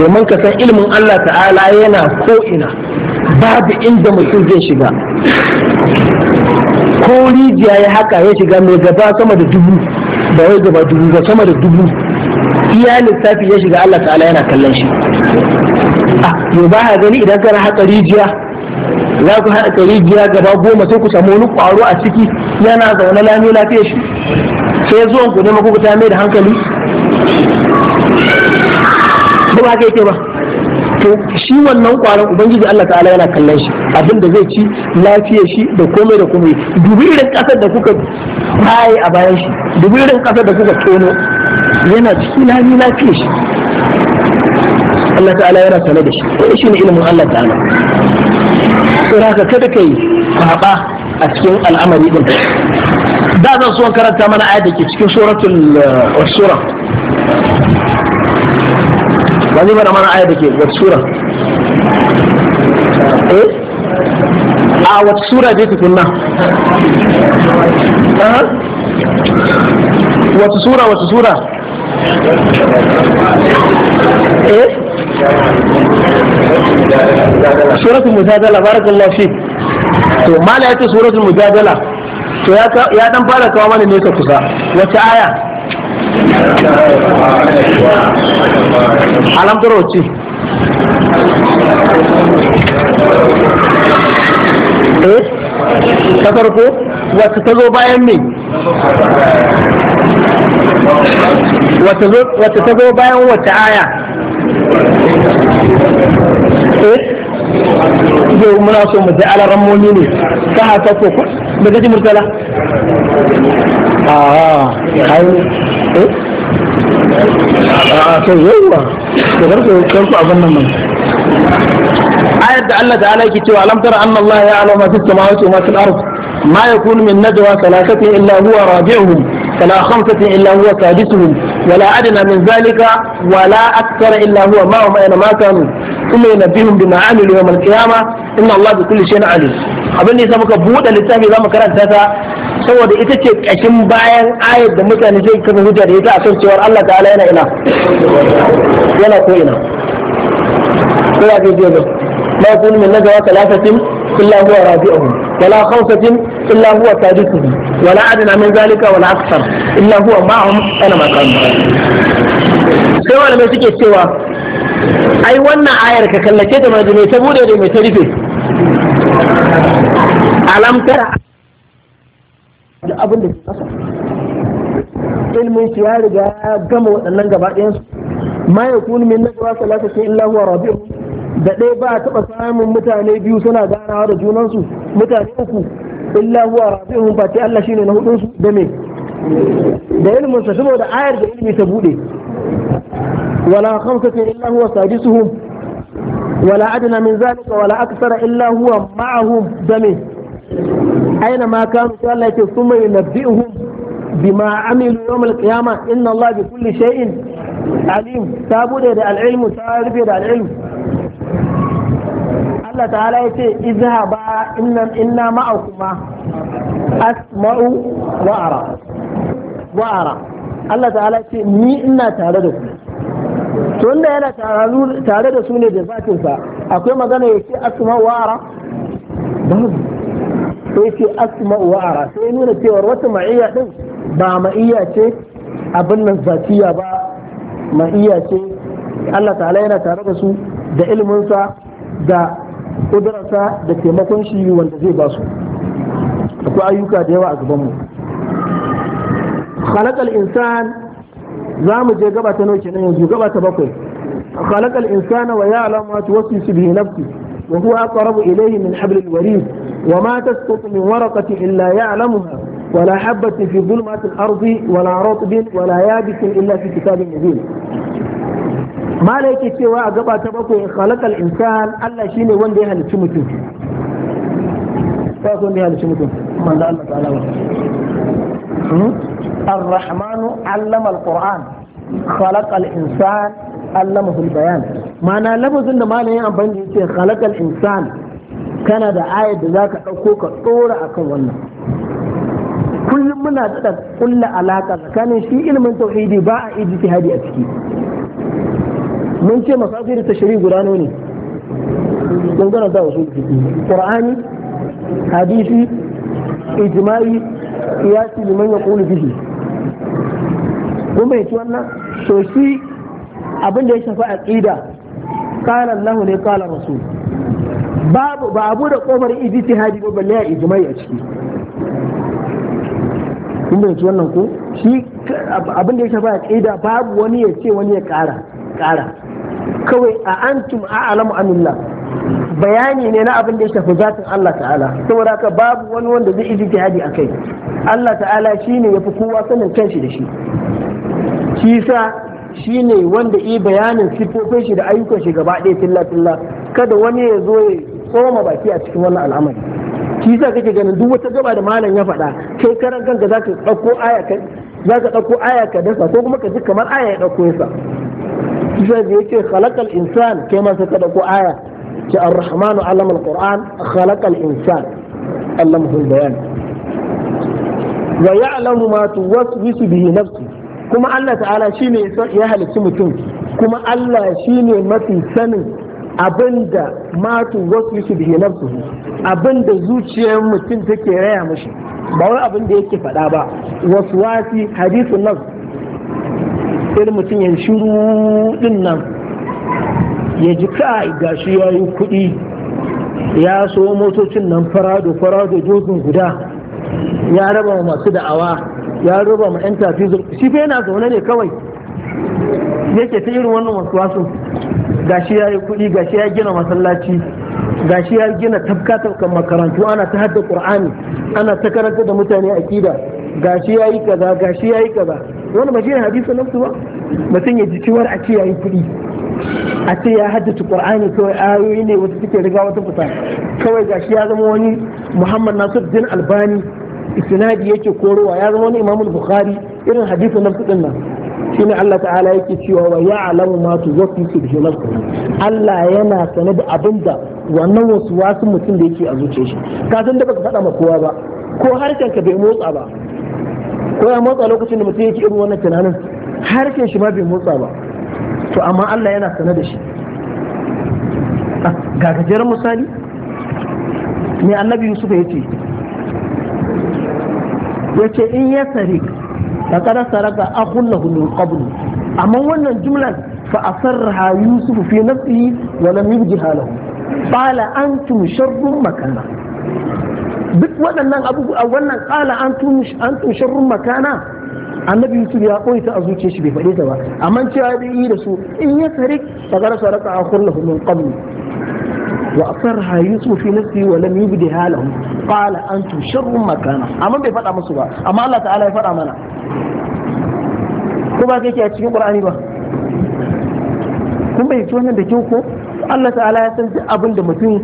domin ka san ilimin Allah ta'ala yana ko'ina babu inda mutum zai shiga ko rijiya ya haka ya shiga mai gaba sama da dubu ba wai gaba dubu ba sama da dubu iya lissafi ya shiga Allah ta'ala yana kallon shi yau ah, ba ha gani idan kana haka rijiya za ku haka rijiya gaba goma sai ku samu wani kwaro a ciki yana zaune lami lafiya shi sai zuwan ku ne makubuta mai da hankali ba ba ka yake ba to shi wannan kwaron ubangiji Allah ta'ala yana kallon shi abin da zai ci lafiyar shi da komai da komai dubi irin kasar da kuka baye a bayan shi dubi irin kasar da kuka tono yana cikin lami lafiyar shi Allah ta'ala yana sane da shi ko shi ne ilimin Allah ta'ala ka kada kai kwaba a cikin al'amari din da zan so karanta mana ayat da ke cikin suratul uh, sura ماذا بنا معنى آية بكير والسورة إيه آه والسورة جيت كنا آه والسورة والسورة إيه سورة المجادلة بارك الله فيك تو ما لقيت سورة المجادلة تو يا يا دم بارك الله فيك وتعالى alamtoro eh ta farko wata ta zo bayan me wata ta zo bayan wata aya eh yau muna so mu ji alaran moni ne ta haka ko da gaji murtala a ai Eh? Ah, a da nan Allah ta'ala yake cewa alam tara anna Allah ya alama fi samawati wa fil ard ma yakunu min najwa thalathatin illa huwa rabi'uhum ولا خمسة إلا هو سادسهم ولا أدنى من ذلك ma أكثر إلا هو معهم أينما كانوا ثم ينبئهم بما عملوا يوم Inna Allah الله بكل شيء عليم abin da ya muka buɗe littafi za mu karanta ta saboda ita ce ƙashin bayan ayar da mutane zai kafa hujja da ita a kan cewar Allah ta'ala yana ina yana ko ina ko ya ga jiya ma yakunu min najwa thalathatin illa huwa rabi'uhum wala khawfatin illa huwa tajidu wala adna min zalika wala akthar illa huwa ma'hum ana makan sai malamai suke cewa ai wannan ayar ka kallace da majalisa bude da mai tarife alam tara duk abin da ke kasa ilmin shi ya riga ya gama waɗannan gaba ɗayan su ma ya kuni min najwa salatati illa huwa rabi'u da ɗaya ba a taɓa samun mutane biyu suna ganawa da junansu mutane uku illa huwa rabi'uhum fa Allah shine na hudun da me da ilmin sa saboda ayar da ilmi ta buɗe, wala khamsatin illa huwa sadisuhum wala adna min zalika wala aksara illa huwa ma'ahum da me aina ma kanu sai Allah yake summa yunabbi'uhum bima amilu yawm al-qiyamah inna Allah bi kulli shay'in alim ta bude da al-ilmu ta rufe da al-ilmu Allah ta'ala yace izhaba inna inna ma'akuma asma'u wa ara wa ara Allah ta'ala yace ni ina tare da ku tunda yana tare da su ne da zatinsa akwai magana yace asma'u wa ara babu sai ce asma'u wa ara sai nuna cewa wata ma'iyya din ba ma'iyya ce abin nan zatiya ba ma'iyya ce Allah ta'ala yana tare da su da ilminsa da kudurarsa da taimakon shi wanda zai ba su akwai ayyuka da yawa a gabanmu khalaqal insan za mu je gaba ta nauke nan yanzu gaba ta bakwai khalaqal insana wa ya'lamu ma tuwaswisu bihi nafsi wa huwa aqrabu ilayhi min hablil warid وما تسقط من ورقة إلا يعلمها ولا حبة في ظلمات الأرض ولا رطب ولا يابس إلا في كتاب مبين ما لك سوى أقبع تبقى خلق الإنسان ألا شيني وان ديها لتشمتو فأكون ديها لتشمتو من الله تعالى الرحمن علم القرآن خلق الإنسان علمه البيان معنى نعلم إن ما لي خلق الإنسان kana da ayar da za ka ɗauko ka ɗora a kan wannan kullum muna da kulla alaƙa tsakanin shi ilimin tauhidi ba a ijtihadi a ciki mun ce ta tashri guda ne dangana da wasu qur'ani hadisi ijma'i qiyasi liman yaqulu bihi kuma yace wannan so shi abin da ya shafi aqida qala Allah ne qala rasul babu ba abu da kofar hadi ba balle a ijma'i a ciki kun bayyana wannan ko shi abin da ya ba kaida babu wani ya ce wani ya kara kara kawai a antum a'lamu amillah bayani ne na abin da ya shafi zatin Allah ta'ala saboda haka babu wani wanda zai a akai Allah ta'ala shine yafi kowa sanin kanshi da shi shi sa shi ne wanda yi bayanin sifofin shi da ayyukan shi gaba ɗaya tilla tilla kada wani ya zo ya tsoma baki a cikin wannan al'amari shi yasa kake ganin duk wata gaba da malam ya faɗa kai karan kanka zaka ɗauko aya ka zaka ɗauko aya ka dasa ko kuma ka ji kamar aya ya ɗauko yasa yasa da yake khalaqal insan kai ma sai ka ɗauko aya ce ar-rahmanu allama al-qur'an khalaqal insan allamahu bayan wa ya'lamu ma tuwaswisu bihi nafsi kuma Allah ta'ala shine ya halicci mutum kuma Allah shine mafi sanin abinda matu wasu yake hinar su abinda zuciyar mutum take raya mashi ba wani abin da yake faɗa ba wasu wasi hadisu nan irin mutum ya shiru din nan ya ji kai gashi ya yi kuɗi ya so motocin nan farado farado jozin guda ya raba wa masu da'awa ya raba ma 'yan tafi shi fa yana zaune ne kawai yake ta irin wannan wasu wasu gashi ya yi kuɗi gashi ya gina masallaci gashi ya gina tafka tafkan makarantu ana ta hadda qur'ani ana ta karanta da mutane akida gashi ya yi kaza gashi ya yi kaza wani ba shi ne hadisi nafsu ba mutum ya ji ciwar a ce ya yi kuɗi a ce ya haddace qur'ani kawai ayoyi ne wata suke riga wata fita kawai gashi ya zama wani muhammad nasiruddin albani isnadi yake korowa ya zama wani imamul bukhari irin hadisi nafsu din nan ne Allah ta'ala yake cewa wa ya alamu ma tuwaffi subhanakum Allah yana sanar da abinda wannan wasu wasu mutum da yake a zuciya shi ka san da baka faɗa ma kowa ba ko harkar ka bai motsa ba ko ya motsa lokacin da mutum yake irin wannan tunanin harkar shi ma bai motsa ba to amma Allah yana sanar da shi ah, ga gajeren misali mai annabi Yusuf ya ce ya ce in ya sarik laqad saraka akhun lahu min qabl amma wannan jumlan fa asarraha yusuf fi nafsihi wa lam yubjiha lahu qala antum sharrun makana duk waɗannan abubuwa wannan qala an antum sharrun makana annabi yusuf ya koyi ta a zuciyar shi bai faɗe ta ba amma cewa bai yi da su in ya sarik laqad saraka akhun lahu min qabl وأصرها يوسف في نفسه ولم يبدها لهم قال أنتم شر مكانا أما بفتح مصر أما الله تعالى يفتح منا ko ba kai ke a cikin Qur'ani ba kun bayyace wannan da kyau Allah ta'ala ya san duk abin da mutum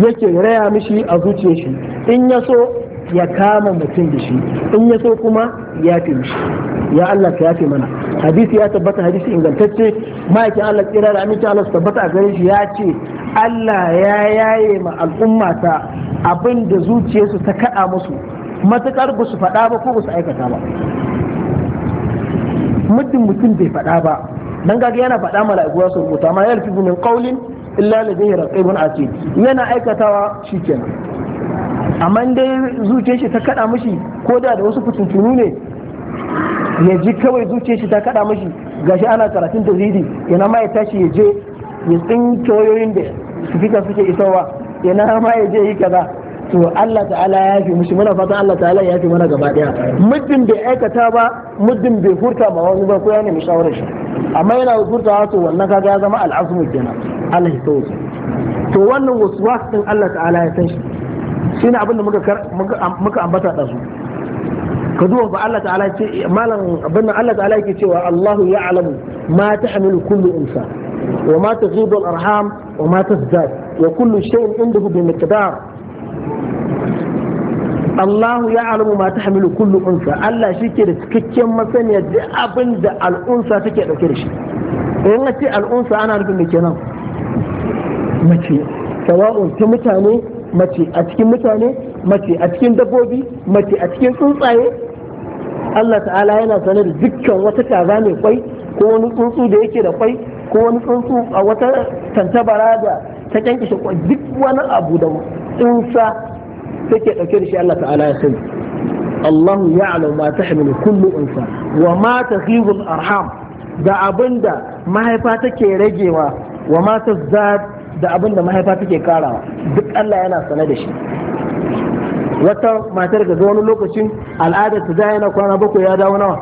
yake raya mishi a zuciyar shi in ya so ya kama mutum da shi in ya so kuma ya fi mishi ya Allah ka yafe mana hadisi ya tabbata hadisi ingantacce ma'aikin Allah tsira da aminci Allah tabbata a gare shi ya ce Allah ya yaye ma al'ummata abin da zuciyarsu ta kaɗa musu matuƙar ba su faɗa ba ko ba su aikata ba muddin mutum bai faɗa ba dan gaga yana faɗa mala'iku su rubuta ma yalfi min qawlin illa ladayhi raqibun atid yana aikatawa shikenan amma dai zuciyar shi ta kaɗa mishi ko da da wasu fitintunu ne ya ji kawai zuciyar shi ta kaɗa mishi gashi ana karatun zidi, yana ma ya tashi ya je ya tsinke wayoyin da suka suke isowa ina ma ya je yi kaza to Allah ta'ala ya fi mushi muna fata, Allah ta'ala ya fi mana gaba daya muddin bai aikata ba muddin bai furta ba wani ba ko ya nemi shawarar shi amma yana furtawa to wannan kaga ya zama al'azmu kenan Allah ya tsawo to wannan waswas din Allah ta'ala ya san shi shine abin da muka muka ambata da su ka duba ba Allah ta'ala ce malam abin Allah ta'ala yake cewa Allahu ya'lamu ma ta'malu kullu insan وما تغيض الأرحام وما تزداد وكل شيء عنده بمقدار الله يعلم ما تحمل كل أنثى الله شكر تككين مثلا يدي أبن دا الأنثى تكير وكرش ويغتي الأنثى أنا أعرف اللي كنا متي سواء تمتاني متي أتكين متاني متي أتكين دبوبي متي أتكين تنصاي Allah ta'ala yana sanar da dukkan wata kaza mai kwai ko wani tsuntsu da yake da kwai ko wani tsuntsu a wata tantabara da ta kyankishe duk wani abu da tsunsa take dauke da shi Allah ta'ala ya sani Allah ya alam ma tahmilu kullu unsa wa ma taghibu arham da abinda mahaifa take ragewa wa ma tazdad da abinda mahaifa take karawa duk Allah yana sane da shi wata matar ga wani lokacin al'adar ta da yana kwana bakwai ya dawo nawa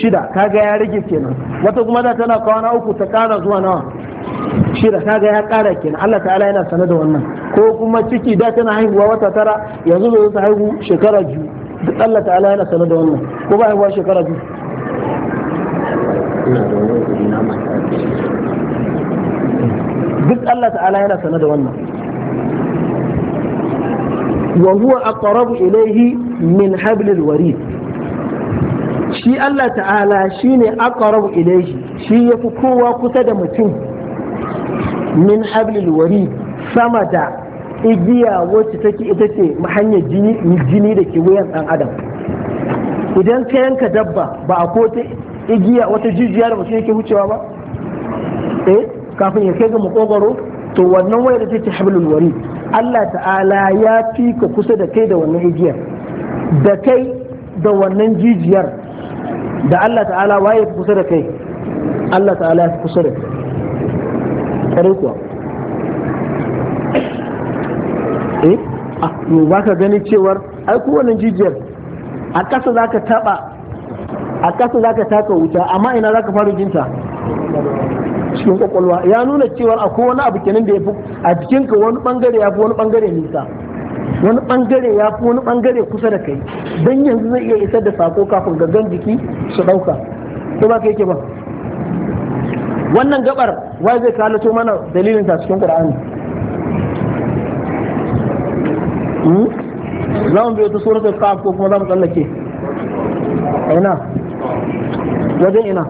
shida kaga ya rage kenan wata kuma da tana kwana uku ta kara zuwa nawa shida kaga ya kara kenan Allah ta'ala yana sanar da wannan ko kuma ciki da tana haihuwa wata tara yanzu zo ta haihu shekara biyu duk Allah ta'ala yana sanar da wannan ko ba haihuwa shekara biyu duk Allah ta'ala yana sanar da wannan وهو أقرب إليه من حبل الوريد shi Allah ta'ala shi ne aqrabu ilayhi shi yafi kowa kusa da mutum min hablil wari sama da igiya wacce take ita ce hanyar jini jini da ke wuyan dan adam idan ka yanka dabba ba a ko ta igiya wata jijiya da mutum yake wucewa ba eh kafin ya kai ga makogaro to wannan wayar da take hablul wari Allah ta'ala ya fi ka kusa da kai da wannan igiyar da kai da wannan jijiyar da Allah ta'ala waye fi kusa da kai Allah ta'ala ya fi kusa da kai kuwa eh ah ba ka gani cewar ai kowanne jijiyar a ƙasa za ka taɓa a ƙasa za ka taka wuta amma ina za ka fara jinta cikin kwakwalwa ya nuna cewar akwai wani abu kenan da ya fi a jikinka wani bangare ya fi wani bangare nisa wani bangare ya fi wani bangare kusa da kai don yanzu zai iya isar da sako kafin gangan jiki su dauka ko ba kai ke ba wannan gabar wai zai kalato mana dalilin ta cikin qur'ani hmm? za mu biyo ta suratul qaf ko kuma za mu tsallake aina wajen ina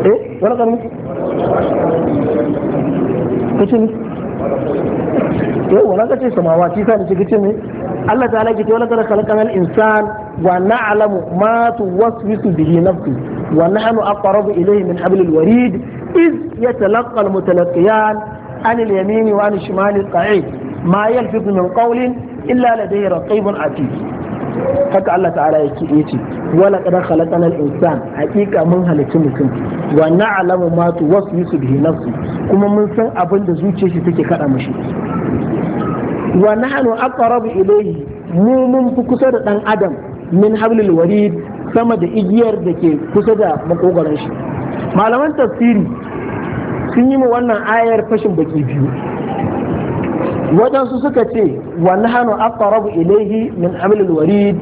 eh wani karni yau wala kace samawa shi sa da kike ne Allah ta'ala ki wala kana khalaqal insan wa na'lamu ma tuwaswisu bihi nafsi wa nahnu aqrabu ilayhi min hablil warid iz yatalaqqa almutalaqiyan an al-yamin wa an al-shimal qa'id ma yalfidu min qawlin illa ladayhi raqibun atid haka Allah ta'ala ya ki yace wala qad khalaqana al-insan haqiqa mun halicci mutum wa na'lamu ma yusu bihi nafsi kuma mun san abin da zuce shi take kada mushi wa nahnu aqrabu ilayhi mu mun fi kusa da dan adam min hablil warid sama da igiyar da ke kusa da makogaran shi malaman tafsiri sun yi mu wannan ayar fashin baki biyu waɗansu suka ce wa nahanu aqrabu ilaihi min hablil warid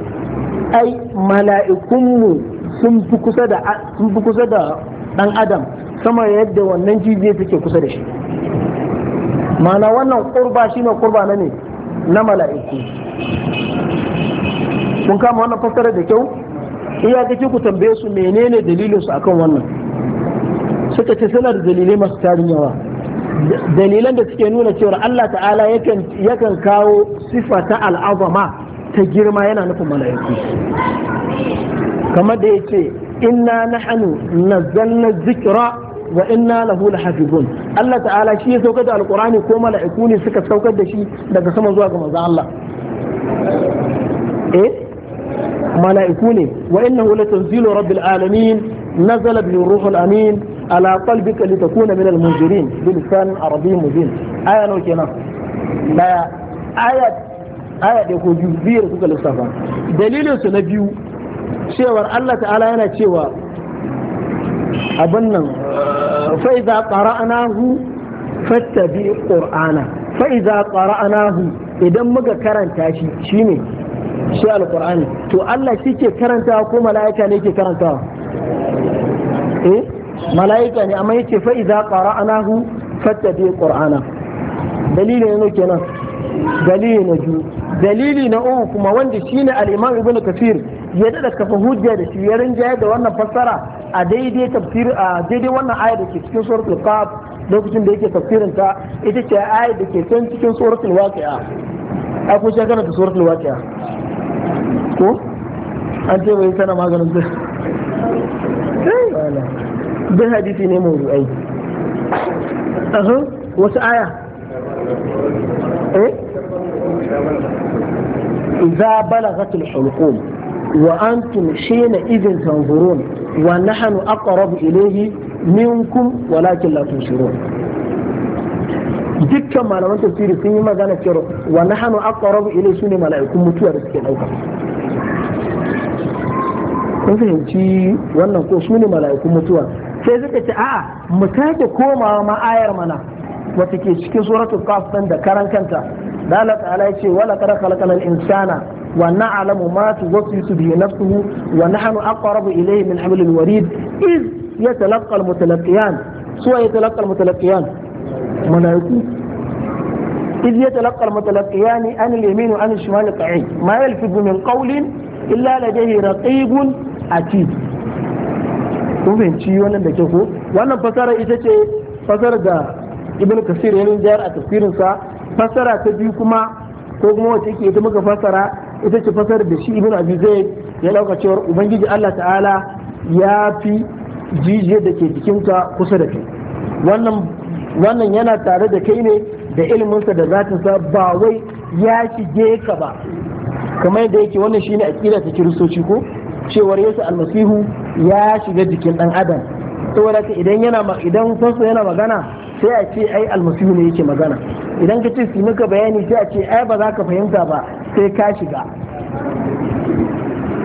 ai mala'ikunmu sun fi kusa da sun fi kusa da dan adam sama yadda wannan jijiyar take kusa da shi ma'ana wannan kurba shine kurba na ne na mala'iku kun kama wannan fassara da kyau iya kake ku tambaye su menene dalilin su akan wannan suka ce sanar dalilai masu tarin yawa dalilan da suke nuna cewa Allah ta'ala yakan kawo sifa ta al'azama ta girma yana nufin mala'iku kamar da ya ce inna na nazzalna zikira wa inna lahu lahafizun Allah ta'ala shi ya saukar da alqur'ani ko mala'iku ne suka saukar da shi daga sama zuwa ga manzo Allah eh mala'iku ne wa innahu latanzilu rabbil alamin nazala bi ruhul amin ala qalbika litakuna min al-munzirin bi lisan arabiy mubin aya no kenan daya aya aya da ko biyar kuka lissafa dalilin na biyu cewar Allah ta'ala yana cewa abin nan fa idza qara'nahu fattabi qur'ana fa idza qara'nahu idan muka karanta shi shine shi alqur'ani to Allah shi ke karanta ko mala'ika ne ke karantawa mala'ika ne amma yace fa idza qara'nahu fattabi qur'ana dalili ne kenan dalili na biyu dalili na uku kuma wanda shine al-imam ibn kafir ya dada kafa hujja da shi ya rinja da wannan fassara a daidai tafsir a daidai wannan aya da ke cikin suratul qaf lokacin da yake tafsirin ta ita ce aya da ke can cikin suratul waqi'a a ko shi kana da suratul waqi'a ko an ce bai sana maganin zai duk hadisi ne mawdu'ai aha wasu aya eh idza balagatul hulqum wa antum shayna idhin tanzurun wa nahnu aqrabu ilayhi minkum walakin la tusirun dukkan malaman tafsiri sun yi magana cewa wa nahnu aqrabu ilayhi sune mala'ikun mutuwa da suke dauka kun fahimci wannan ko sune mala'ikun mutuwa sai suka ce a'a mu sake komawa ma ayar mana wata ke cikin suratul qaf din da karan kanta dala ta'ala yace wala qad khalaqal insana wa na'lamu ma tuwaswisu bihi nafsuhu wa nahnu aqrabu ilayhi min hablil warid iz yatalaqqa al mutalaqiyan suwa yatalaqqa al mutalaqiyan malaiku إذ يتلقى المتلقيان عن اليمين وعن الشمال قعيد ما يلفظ من قول إلا لديه رقيب أتيد kun fahimci wannan da ke ko wannan fasara ita ce fasara da ibn kasir ya jayar a sa fasara ta biyu kuma ko kuma wacce ke ita muka fasara ita ce fasara da shi ibn abu zai ya dauka cewar ubangiji Allah ta'ala ya fi jijiyar da ke jikinka kusa da kai wannan wannan yana tare da kai ne da ilminsa da sa ba wai ya shige ka ba kamar yadda yake wannan shine akida ta kiristoci ko cewar yesu almasihu ya shiga jikin ɗan adam saboda ka idan yana idan sansu yana magana sai a ce ai almasihu ne yake magana idan ka ce su maka bayani sai a ce ai ba za ka fahimta ba sai ka shiga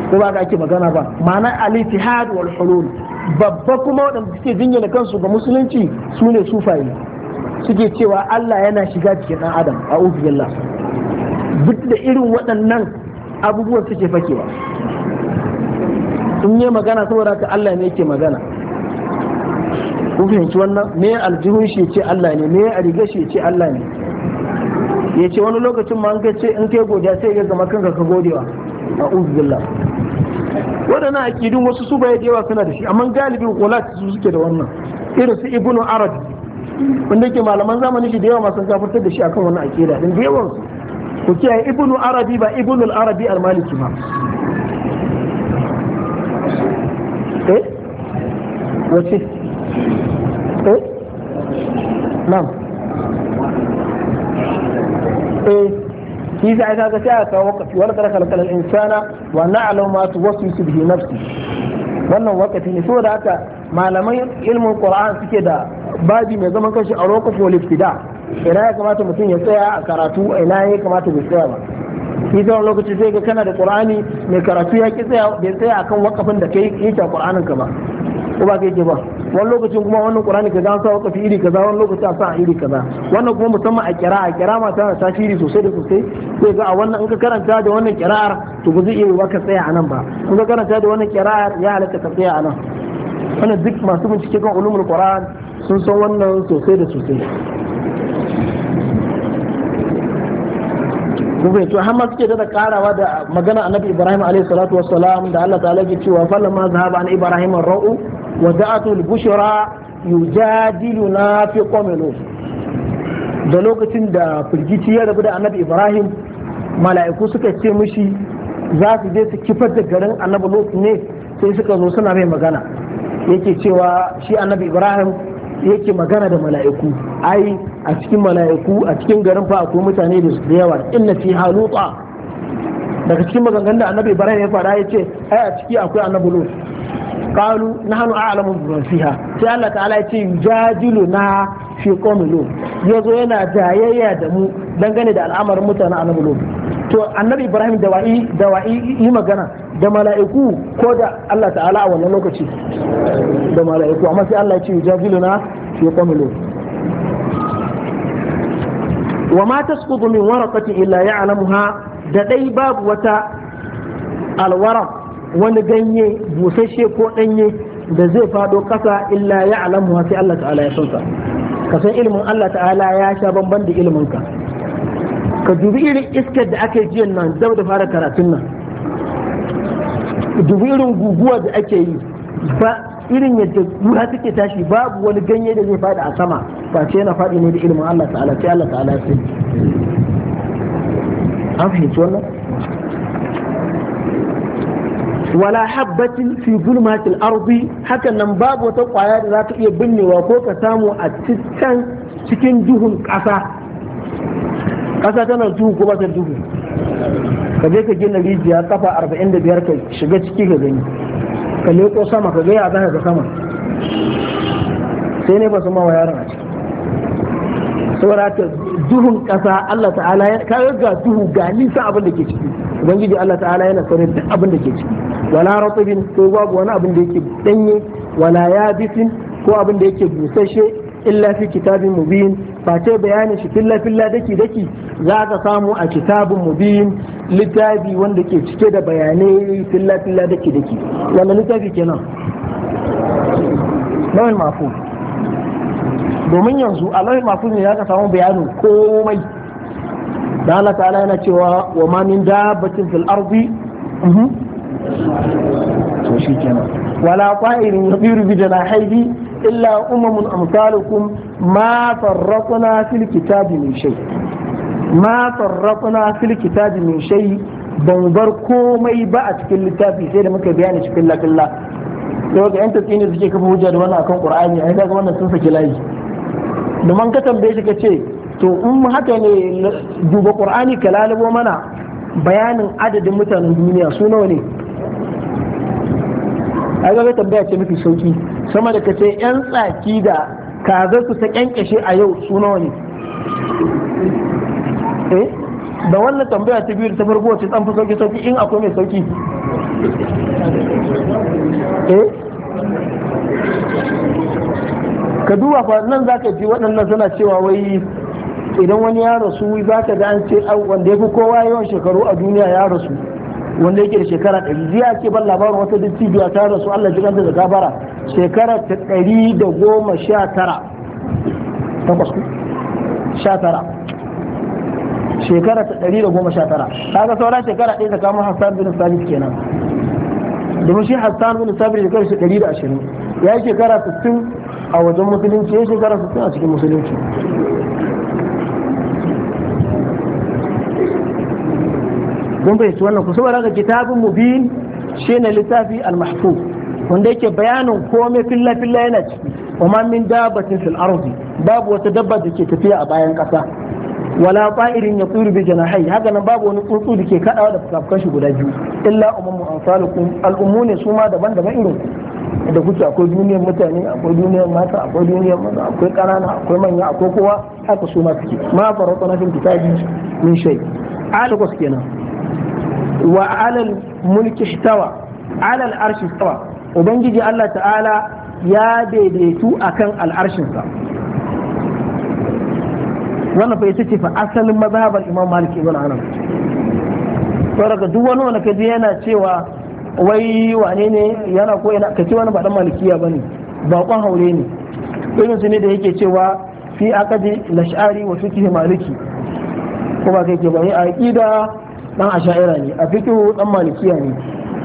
ko ba ka ake magana ba ma'ana al-ittihad wal hulul babba kuma wadanda suke da kansu ga musulunci su ne sufaye suke cewa Allah yana shiga cikin ɗan adam a billah duk da irin waɗannan abubuwan suke fakewa in yi magana saboda ka Allah ne yake magana ku fahimci wannan me aljihun shi ce Allah ne me a riga shi ce Allah ne ya ce wani lokacin ma an ka ce in kai godiya sai ya zama kanka ka godewa a uzbillah waɗannan aƙidun wasu su bai da yawa suna da shi amma galibin kolat su suke da wannan irin su ibnu arabi wanda ke malaman zamani shi da yawa masu kafirtar da shi akan wannan aƙida din da yawan su ku kiyaye ibnu arabi ba ibnu al-arabi al-maliki ba ايه وشي ايه nan ايه shi sai aka ga sai aka kawo insana wa wannan wakati ne saboda haka malamai ilmin qur'an suke da babi mai zaman kashi a roƙo folifida ina ya kamata mutum ya tsaya a karatu ina ya kamata bai tsaya ba shi ta lokaci zai ga kana da qur'ani mai karatu ya ki tsaya bai tsaya akan wakafin da kai yake qur'anin ka ba ko ba kai ke ba wani lokacin kuma wannan qur'ani kaza an sa wakafi iri kaza wani lokaci a sa iri kaza wannan kuma musamman a kira'a ma tana tasiri sosai da sosai sai ga a wannan in ka karanta da wannan kira'ar to ba zai iya ka tsaya a ba in ka karanta da wannan kira'ar ya halatta ka tsaya anan nan wannan duk masu bincike kan ulumul qur'an sun san wannan sosai da sosai kun fahimci har ma suke da karawa da magana annabi ibrahim Alayhi salatu wassalam da Allah ta'ala ke cewa falamma zahaba an ibrahim ar-ra'u wa da'atu al-bushra yujadiluna fi qawmin da lokacin da firgici ya rabu da annabi ibrahim mala'iku suka ce mishi za su je su kifar da garin annabi lot ne sai suka zo suna mai magana yake cewa shi annabi ibrahim yake magana da mala'iku ai a cikin mala'iku a cikin garin fa akwai mutane da yawa inna fi haluta daga cikin maganganun da annabi ibrahim ya fara ya ce ai a ciki akwai annabi lut qalu nahnu a'lamu bi fiha sai Allah ta'ala ya ce yujadiluna fi qawmi lut yazo yana jayayya da mu dangane da al'amarin mutanen annabi lut to annabi ibrahim da wa'i da wa'i yi magana da mala'iku ko da Allah ta'ala a wannan lokaci da mala'iku amma sai Allah ya ce na fi qamlu wa ma tasqutu min waraqati illa ya'lamuha da dai babu wata alwara wani ganye busasshe ko danye da zai fado kasa illa ya'lamuha sai Allah ta'ala ya sansa ka san ilimin Allah ta'ala ya sha bamban da ilimin ka ka dubi irin iskar da aka yi jiyan nan da fara karatun nan dubu irin guguwa da ake yi ba irin yadda ruha take tashi babu wani ganye da zai fada a sama ba ce yana fadi ne da ilimin Allah ta'ala sai Allah ta'ala sai an fahimci wannan wala habbatin fi zulmatil ardi hakan nan babu wata kwaya da za ta iya binnewa ko ka samu a cikin cikin duhun ƙasa ƙasa tana duhu ko ba ta duhu ka je ka gina rijiya kafa arba'in da biyar ka shiga ciki ka gani ka leko sama ka gaya za ga sama sai ne ba su ma yaron a ciki saboda ka duhun kasa Allah ta'ala ya kayo ga duhu ga nisa abin da ke ciki ubangiji Allah ta'ala yana sanin duk abin da ke ciki wala ratubin ko babu wani abin da yake danye wala yabisin ko abin da yake busasshe illa fi kitabin mubin ba ce bayanin shi filla filla daki daki za ka samu a kitabin mubin littafi wanda ke cike da bayanai filla filla daki daki wannan littafi kenan lawal mafu domin yanzu a lawal mafu ne za ka samu bayanin komai da Allah ta'ala yana cewa wa ma min dabbatin fil ardi mhm. to shi kenan wala qa'irin yabiru bi janahihi illa أمم أمثالكم ما farraqna في الكتاب من شيء ما farraqna في الكتاب من شيء ban bar komai ba a cikin littafi sai da muka bayani cikin lakalla yau ga yan tatsini suke kafa hujja da wannan akan qur'ani ai kaga wannan sun saki layi domin ka tambaye shi ka ce to in haka ne duba qur'ani ka lalubo mana bayanin adadin mutanen duniya su nawa ne ai ga tambaya ce mafi sauki sama da kace yan tsaki da kaza su ta kyankashe a yau su nawa ne eh da wannan tambaya ta biyu ta farko wacce dan sauki sauki in akwai mai sauki eh ka duba fa nan zaka ji waɗannan suna cewa wai idan wani ya rasu za ka ga an ce wanda ya fi kowa yawan shekaru a duniya ya rasu wanda yake da shekara ɗari jiya ke ban labarin wata duk dattijuwa ta rasu Allah ji ganta da gafara shekara ta ɗari da goma sha tara takwas ku sha tara shekara ta ɗari da goma sha tara ta kaga sauran shekara ɗaya ta kama Hassan bin Sabit kenan domin shi Hassan bin Sabit shekara karshe ɗari da ashirin ya yi shekara sittin a wajen musulunci ya yi shekara sittin a cikin musulunci don bai ci wannan ku saboda ga kitabun mubin shine littafi al-mahfuz wanda yake bayanin komai filla filla yana ciki kuma min dabatin fil ardi babu wata dabba da ke tafiya a bayan kasa wala ya yatiru bi janahi haka nan babu wani tsuntsu da ke kadawa da fukafukan shi guda biyu illa ummu ansalukum al'ummu ne su ma daban-daban irin da kuke akwai duniyar mutane akwai duniyar mata akwai duniyar maza akwai ƙanana akwai manya akwai kowa haka su ma suke ma faru na fil kitabi min sha'i. alikos kenan wa alal mulki ihtawa alal arshi ihtawa ubangiji Allah ta'ala ya daidaitu akan al'arshinsa wannan fa ita ce fa asalin mazhabar Imam maliki ibn Anas to daga duk wani wanda kaje yana cewa wai wane ne yana ko yana kace wani ba dan malikiya bane bakon haure ne irin su ne da yake cewa fi aqdi lash'ari wa fikhi maliki kuma kai ke bani aqida dan asha'ira ne a fiqh dan malikiya ne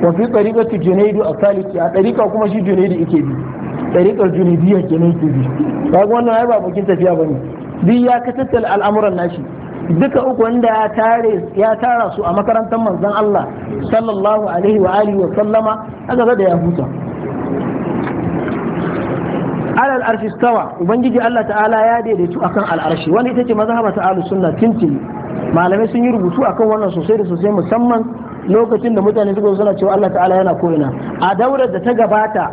wa fi tariqati junaidu asaliki a tariqa kuma shi junaidu yake bi tariqar junaidiyya kenan yake bi kaga wannan ai ba bakin tafiya bane duk ya katattal al'amuran nashi duka uku wanda ya tare ya tara su a makarantar manzon Allah sallallahu alaihi wa alihi wa sallama aka da ya huta alal arshi stawa ubangiji Allah ta'ala ya daidaitu akan al'arshi wani ita ce mazhaba ta ahlus sunna tintini malamai sun yi rubutu akan wannan sosai da sosai musamman lokacin da mutane suka suna cewa Allah ta'ala yana koyana a daurar da ta gabata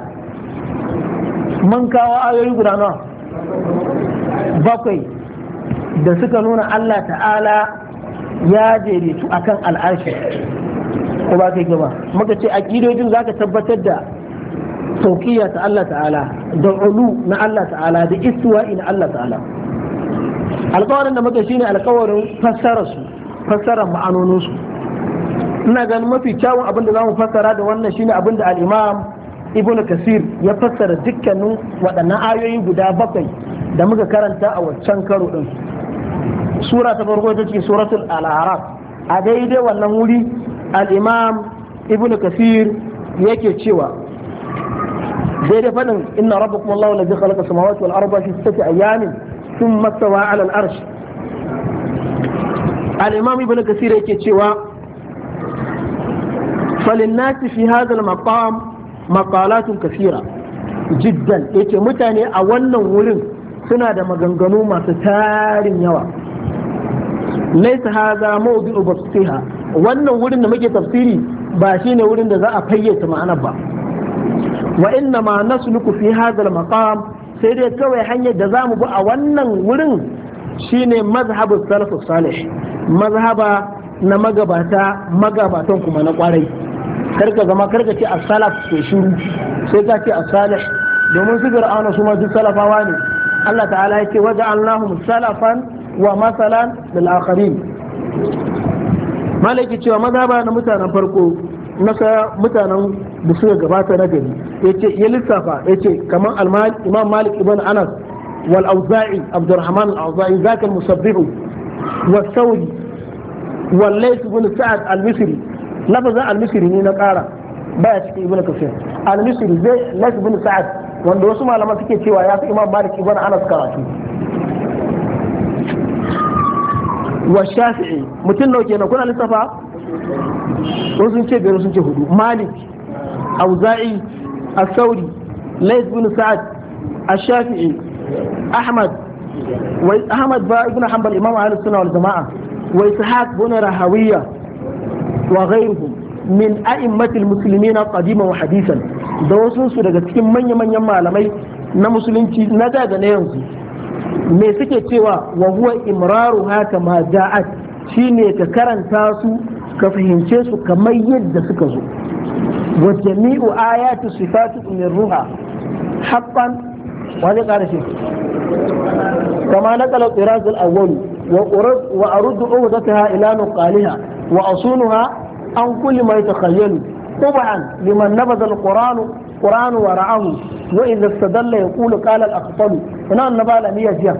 mun kawo ayoyi guda nawa bakwai da suka nuna Allah ta'ala ya daidaitu akan al'arshi ko ba kai gaba muka ce akidojin zaka tabbatar da sauƙiya ta Allah ta'ala da ulu na Allah ta'ala da istiwa'i na Allah ta'ala alkawarin da muka shine alkawarin fassara su fassara ma'anonin su ina ganin mafi kyawun abin da zamu fassara da wannan shine abin da al-imam ibnu kasir ya fassara dukkanin waɗannan ayoyi guda bakwai da muka karanta a waccan karo din sura ta farko ita ce suratul al-a'raf a daidai wannan wuri al-imam ibnu kasir yake cewa daidai faɗin inna rabbakum allahu allazi khalaqa samawati wal arda fi sittati ayyamin ثم استوى على العرش الإمام ابن كثير يكتشوا فللناس في هذا المقام مقالات كثيرة جدا yace mutane a wannan wurin suna da maganganu masu tarin yawa laisa haza mawdu'u basfiha wannan wurin da muke tafsiri ba shine wurin da za a fayyace ma'anar ba wa inna ma nasluku fi hadha al-maqam sai dai kawai hanyar da za mu bi a wannan wurin shine mazhabu salafu salih mazhaba na magabata magabatan kuma na kwarai karka zama karka ce a salaf to shiru sai ka ce a salih domin su fir'auna su ma duk salafawa ne Allah ta'ala ya ce waje Allahum salafan wa masalan lil akharin malaki cewa mazhaba na mutanen farko na mutanen da suka gabata na gari yace ya lissafa yace kamar imam malik ibn anas wal auza'i abdurrahman al auza'i zaka musabbihu wa sauri wal lays ibn sa'ad al misri lafazin al misri ne na kara baya cikin ibn kafir al misri zai lays ibn sa'ad wanda wasu malaman suke cewa ya fi imam malik ibn anas karatu wa shafi'i mutum kenan kuna lissafa wasu ce biyar sun ce hudu malik auza'i الثوري ليث بن سعد الشافعي أحمد أحمد بن حنبل إمام أهل السنة والجماعة وإسحاق بن راهوية وغيرهم من أئمة المسلمين قديما وحديثا da wasu su daga cikin manya-manyan malamai na musulunci na da da na yanzu me suke cewa wa huwa imraru haka ma da'at shine ka karanta su ka fahimce su kamar yadda suka zo وجميع آيات صفات أمرها حقا وهذا قال شيخ كما نقل الطراز الأول وأرد, وأرد عودتها إلى نقالها وأصونها عن كل ما يتخيل طبعا لمن نبذ القرآن قرآن ورعاه وإذا استدل يقول قال الأخطل هنا النبال مية جهة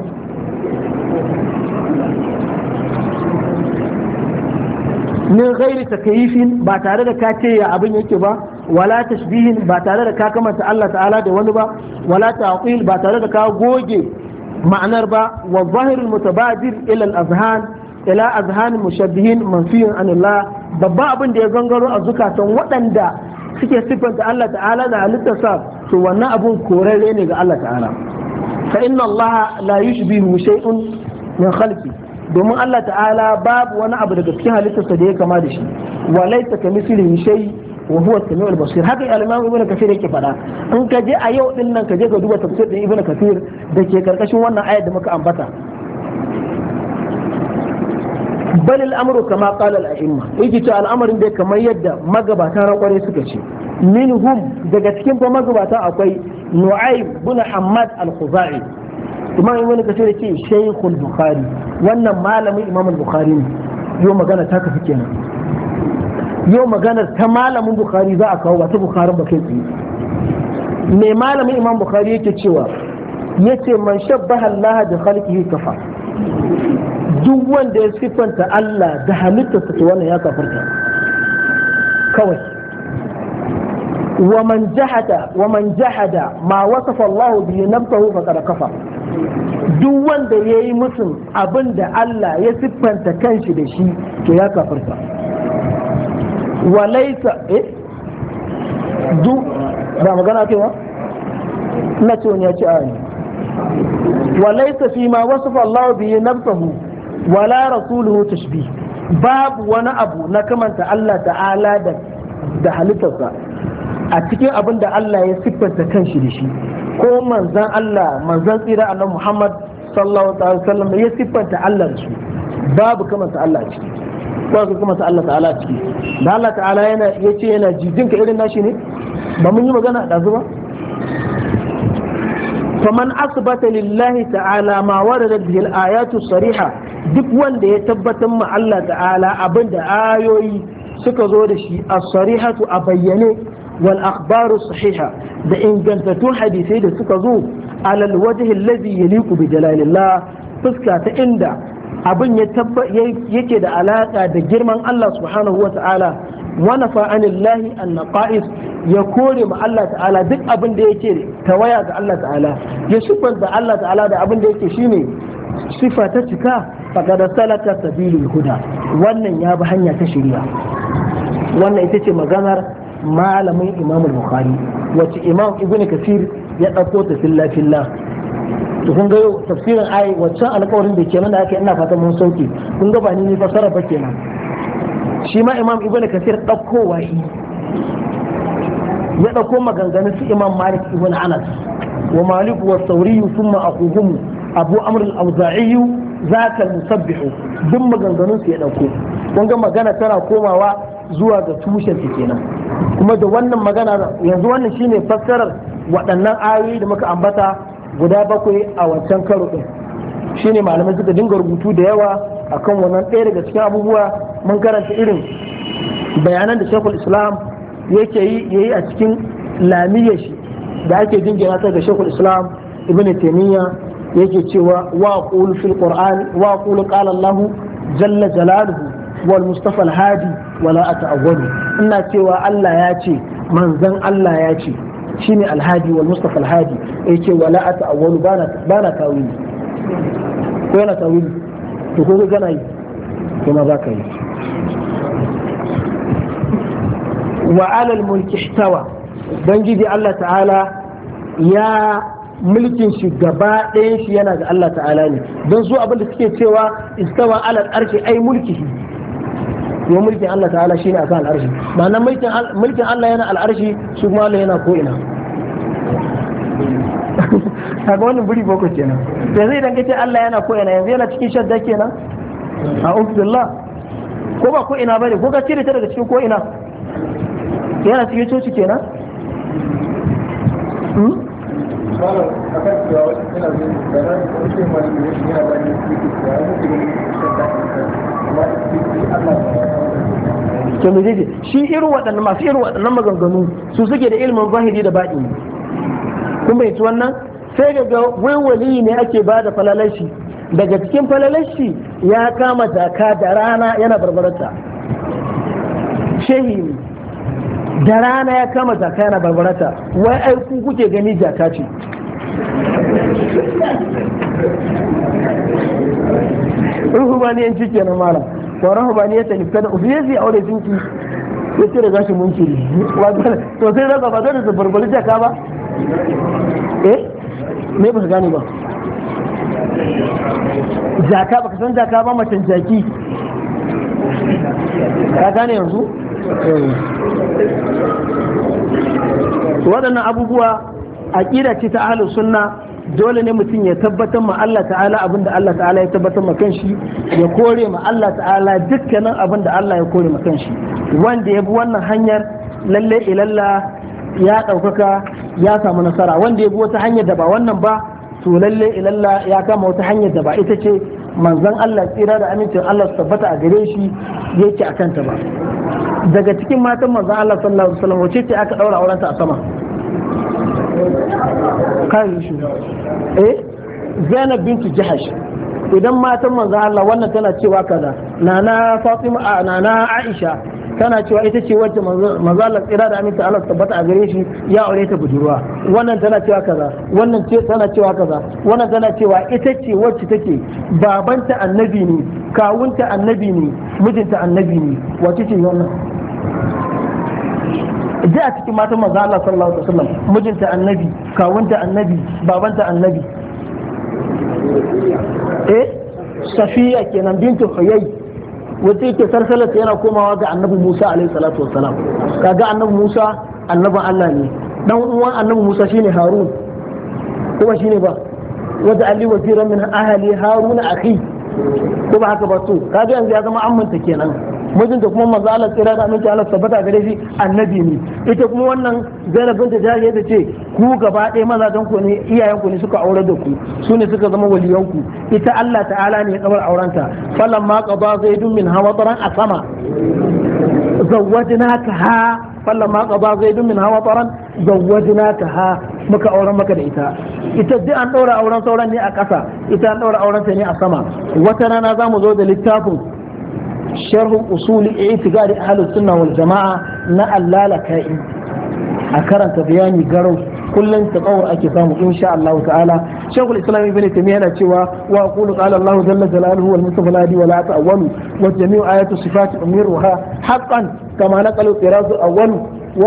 min ghairi takayifin ba tare da ka ce ya abin yake ba wala tashbihin ba tare da ka kamanta Allah ta'ala da wani ba wala ta'qil ba tare da ka goge ma'anar ba wa zahir mutabadir ila al-azhan ila azhan mushabbihin manfiyun an Allah babba abin da ya gangaro a zukatan waɗanda suke sifanta Allah ta'ala da sa to wannan abun korare ne ga Allah ta'ala fa inna Allah la yushbihu shay'un min khalqihi domin Allah ta'ala babu wani abu daga cikin halittarsa da ya kama da shi wa laita ka mislihi shay wa huwa samiul basir haka al-imam ibn kathir yake faɗa in ka je a yau din nan ka je ka duba tafsir din ibn kathir da ke karkashin wannan ayat da muka ambata bal amru kama qala al-a'imma yake cewa al'amarin dai kamar yadda magabata na kware suka ce minhum daga cikin ba magabata akwai nu'aym bin hamad al-khuzai imam kace da ke shaykhul bukhari wannan malamin imam bukhari ne yau magana ta kafi kenan yau magana ta malamin bukhari za a kawo ba ta bukhari ba kai tsaye mai malamin imam bukhari yake cewa yace man shabbaha allaha da khalqihi kafa duk wanda ya siffanta Allah da halitta to wannan ya kafarta kawai wa man jahada wa man jahada ma wasafa Allah bi nafsihi faqad kafa duk wanda ya yi mutum abin da Allah ya siffanta kanshi da shi to ya kafarta walaisa eh duk ba magana ke ba na ce wani ya ci ayi walaisa fi ma wasu biyu na nafsahu wala rasuluhu tashbih babu wani abu na kamanta Allah ta'ala da halittarsa a cikin abin da Allah ya siffanta kanshi da shi ko manzan Allah manzan tsira annabi Muhammad sallallahu alaihi wasallam ya siffanta Allah su babu kamar ta Allah ciki ko kamar ta Allah ta'ala ciki da Allah ta'ala yana yace yana jijinka ka irin nashi ne ba mun yi magana da zuba faman asbata lillahi ta'ala ma warada bihi al-ayatu sariha duk wanda ya tabbatar ma Allah ta'ala abinda ayoyi suka zo da shi as-sarihatu a bayyane wal akhbaru sahiha da ingantattun hadisai da suka zo alal wajhi alladhi yaliqu bi jalalillah fuska ta inda abin yake da alaƙa da girman Allah subhanahu wa ta'ala wa nafa anillahi ya kore ma Allah ta'ala duk abin da ta waya ga Allah ta'ala ya sifanta Allah ta'ala da abin da shi shine sifa ta cika faqad salaka sabilul huda wannan ya bi hanya ta shari'a wannan ita ce maganar malamin imam al-bukhari wace imam ibn kasir ya dauko ta filla filla to kun ga tafsirin ai waccan alƙawarin da ke mana da ake ina fatan mun sauki kun ga ba ni ne fasara ba kenan shi ma imam ibn kasir dauko wai ya dauko maganganun su imam malik ibn anas wa malik wa sauri thumma aquhum abu amr al-awza'i zaka musabbihu duk maganganun su ya dauko kun ga magana tana komawa zuwa ga tushen su kenan kuma da wannan magana yanzu wannan shine fassarar waɗannan ayoyi da muka ambata guda bakwai a wancan karo ɗin shine malamai suka dinga rubutu da yawa akan wannan ɗaya daga cikin abubuwa mun karanta irin bayanan da shekul islam yake yi yayi a cikin lamiyar shi da ake jingina ta ga shekul islam ibn taymiya yake cewa wa qul fil qur'an wa qul qala allah jalla jalaluhu wal mustafa al-hadi wala ata'awwadu ina cewa Allah ya ce manzon Allah ya ce shine al-hadi wal mustafa al-hadi yace wala ata'awwadu bana bana tawili ko yana tawili to ko kana yi kuma ka yi Allah ya mulkin shi gaba ɗayan shi yana ga Allah ta'ala ne don zuwa abin da suke cewa istawa alal arshi ai mulki kuma mulkin Allah ta'ala shine akan al'arshi ma'ana mulkin Allah yana al'arshi su kuma Allah yana ko ina kaga wannan buri boko kenan zai idan kace Allah yana ko ina yanzu yana cikin shadda kenan a ubillah ko ba ko ina bane ko ka cire ta daga cikin ko ina yana cikin coci kenan hmm? ke shi irin waɗannan masu irin waɗannan maganganu su suke da ilimin zahiri da baɗi kun bai wannan sai daga wai wali ne ake ba da falalashi daga cikin falalashi ya kama jaka da rana yana barbarata. shehi da rana ya kama jaka yana barbarata, wai ai ku kuke gani jaka ce ruhubaniyan ruhubaniyanci kenan malam to ta ne kada ubi zai aure jinki ya ce da gashi munkiri to sai raba ba zai da barbali jaka ba eh me ba gani ba jaka ba san jaka ba macen jaki ka gane yanzu waɗannan abubuwa aƙida ce ta ahalus sunna dole ne mutum ya tabbatar ma Allah ta'ala abin da Allah ta'ala ya tabbatar ma kanshi ya kore ma Allah ta'ala dukkanin abin da Allah ya kore ma kanshi wanda ya bi wannan hanyar lalle ilalla ya ɗaukaka ya samu nasara wanda ya bi wata hanyar da ba wannan ba to lalle ilalla ya kama wata hanyar da ba ita ce manzon Allah tsira da amincin Allah su tabbata a gare shi yake a kanta ba daga cikin matan manzon Allah sallallahu alaihi wasallam wace ce aka daura aurenta a sama kan shi eh Zainab bintu Jahash idan matan manzo Allah wannan tana cewa kaza nana Fatima a nana Aisha tana cewa ita ce wacce manzo Allah tsira da aminta Allah tabbata a gare shi ya aure ta budurwa wannan tana cewa kaza wannan ce tana cewa kaza wannan tana cewa ita ce wacce take babanta annabi ne kawunta annabi ne mijinta annabi ne wacce ce wannan ji a cikin matan maza Allah sallallahu alaihi wasallam mijinta annabi kawunta annabi babanta annabi eh safiya kenan bintu huyay wata yake sarsalata yana komawa ga annabi Musa alaihi salatu wasalam kaga annabi Musa annabi Allah ne dan uwan annabi Musa shine Harun kuma shine ba wanda Ali waziran min ahli Harun akhi kuma haka ba to kaga yanzu ya zama ammanta kenan mijinta kuma manzo Allah tsira da aminci Allah tabbata gare shi annabi ne ita kuma wannan Zainab binta Jariya ta ce ku gaba ɗaya mazajen ku ne iyayen ku ne suka aure da ku su ne suka zama waliyan ku ita Allah ta'ala ne ya kabar aurenta ma qada zaidun min hawataran asama zawwajnakaha فلما قضى زيد منها وطرا ha muka auren maka da ita ita duk an ɗaura auren sauran ne a ƙasa ita an ɗaura auren ta ne a sama wata rana za mu zo da littafin شرح أصول اعتقاد أهل السنة والجماعة نا ألالا كائن أكرن تبياني قرو كلن تقور أكفام إن شاء الله تعالى شيخ الإسلام ابن تيمية نتشوى وأقول قال الله جل جلاله والمصطفى الهادي ولا تأول وجميع آيات الصفات أميرها حقا كما نقل الطراز الأول و...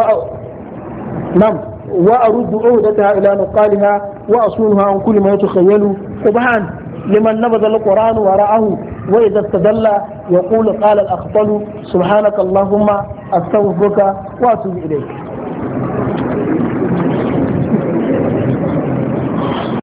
نعم وأرد عودتها إلى نقالها وأصولها عن كل ما يتخيل قبحان لمن نبذ القرآن ورآه وإذا استدل يقول قال الأخطل سبحانك اللهم أستغفرك وأتوب إليك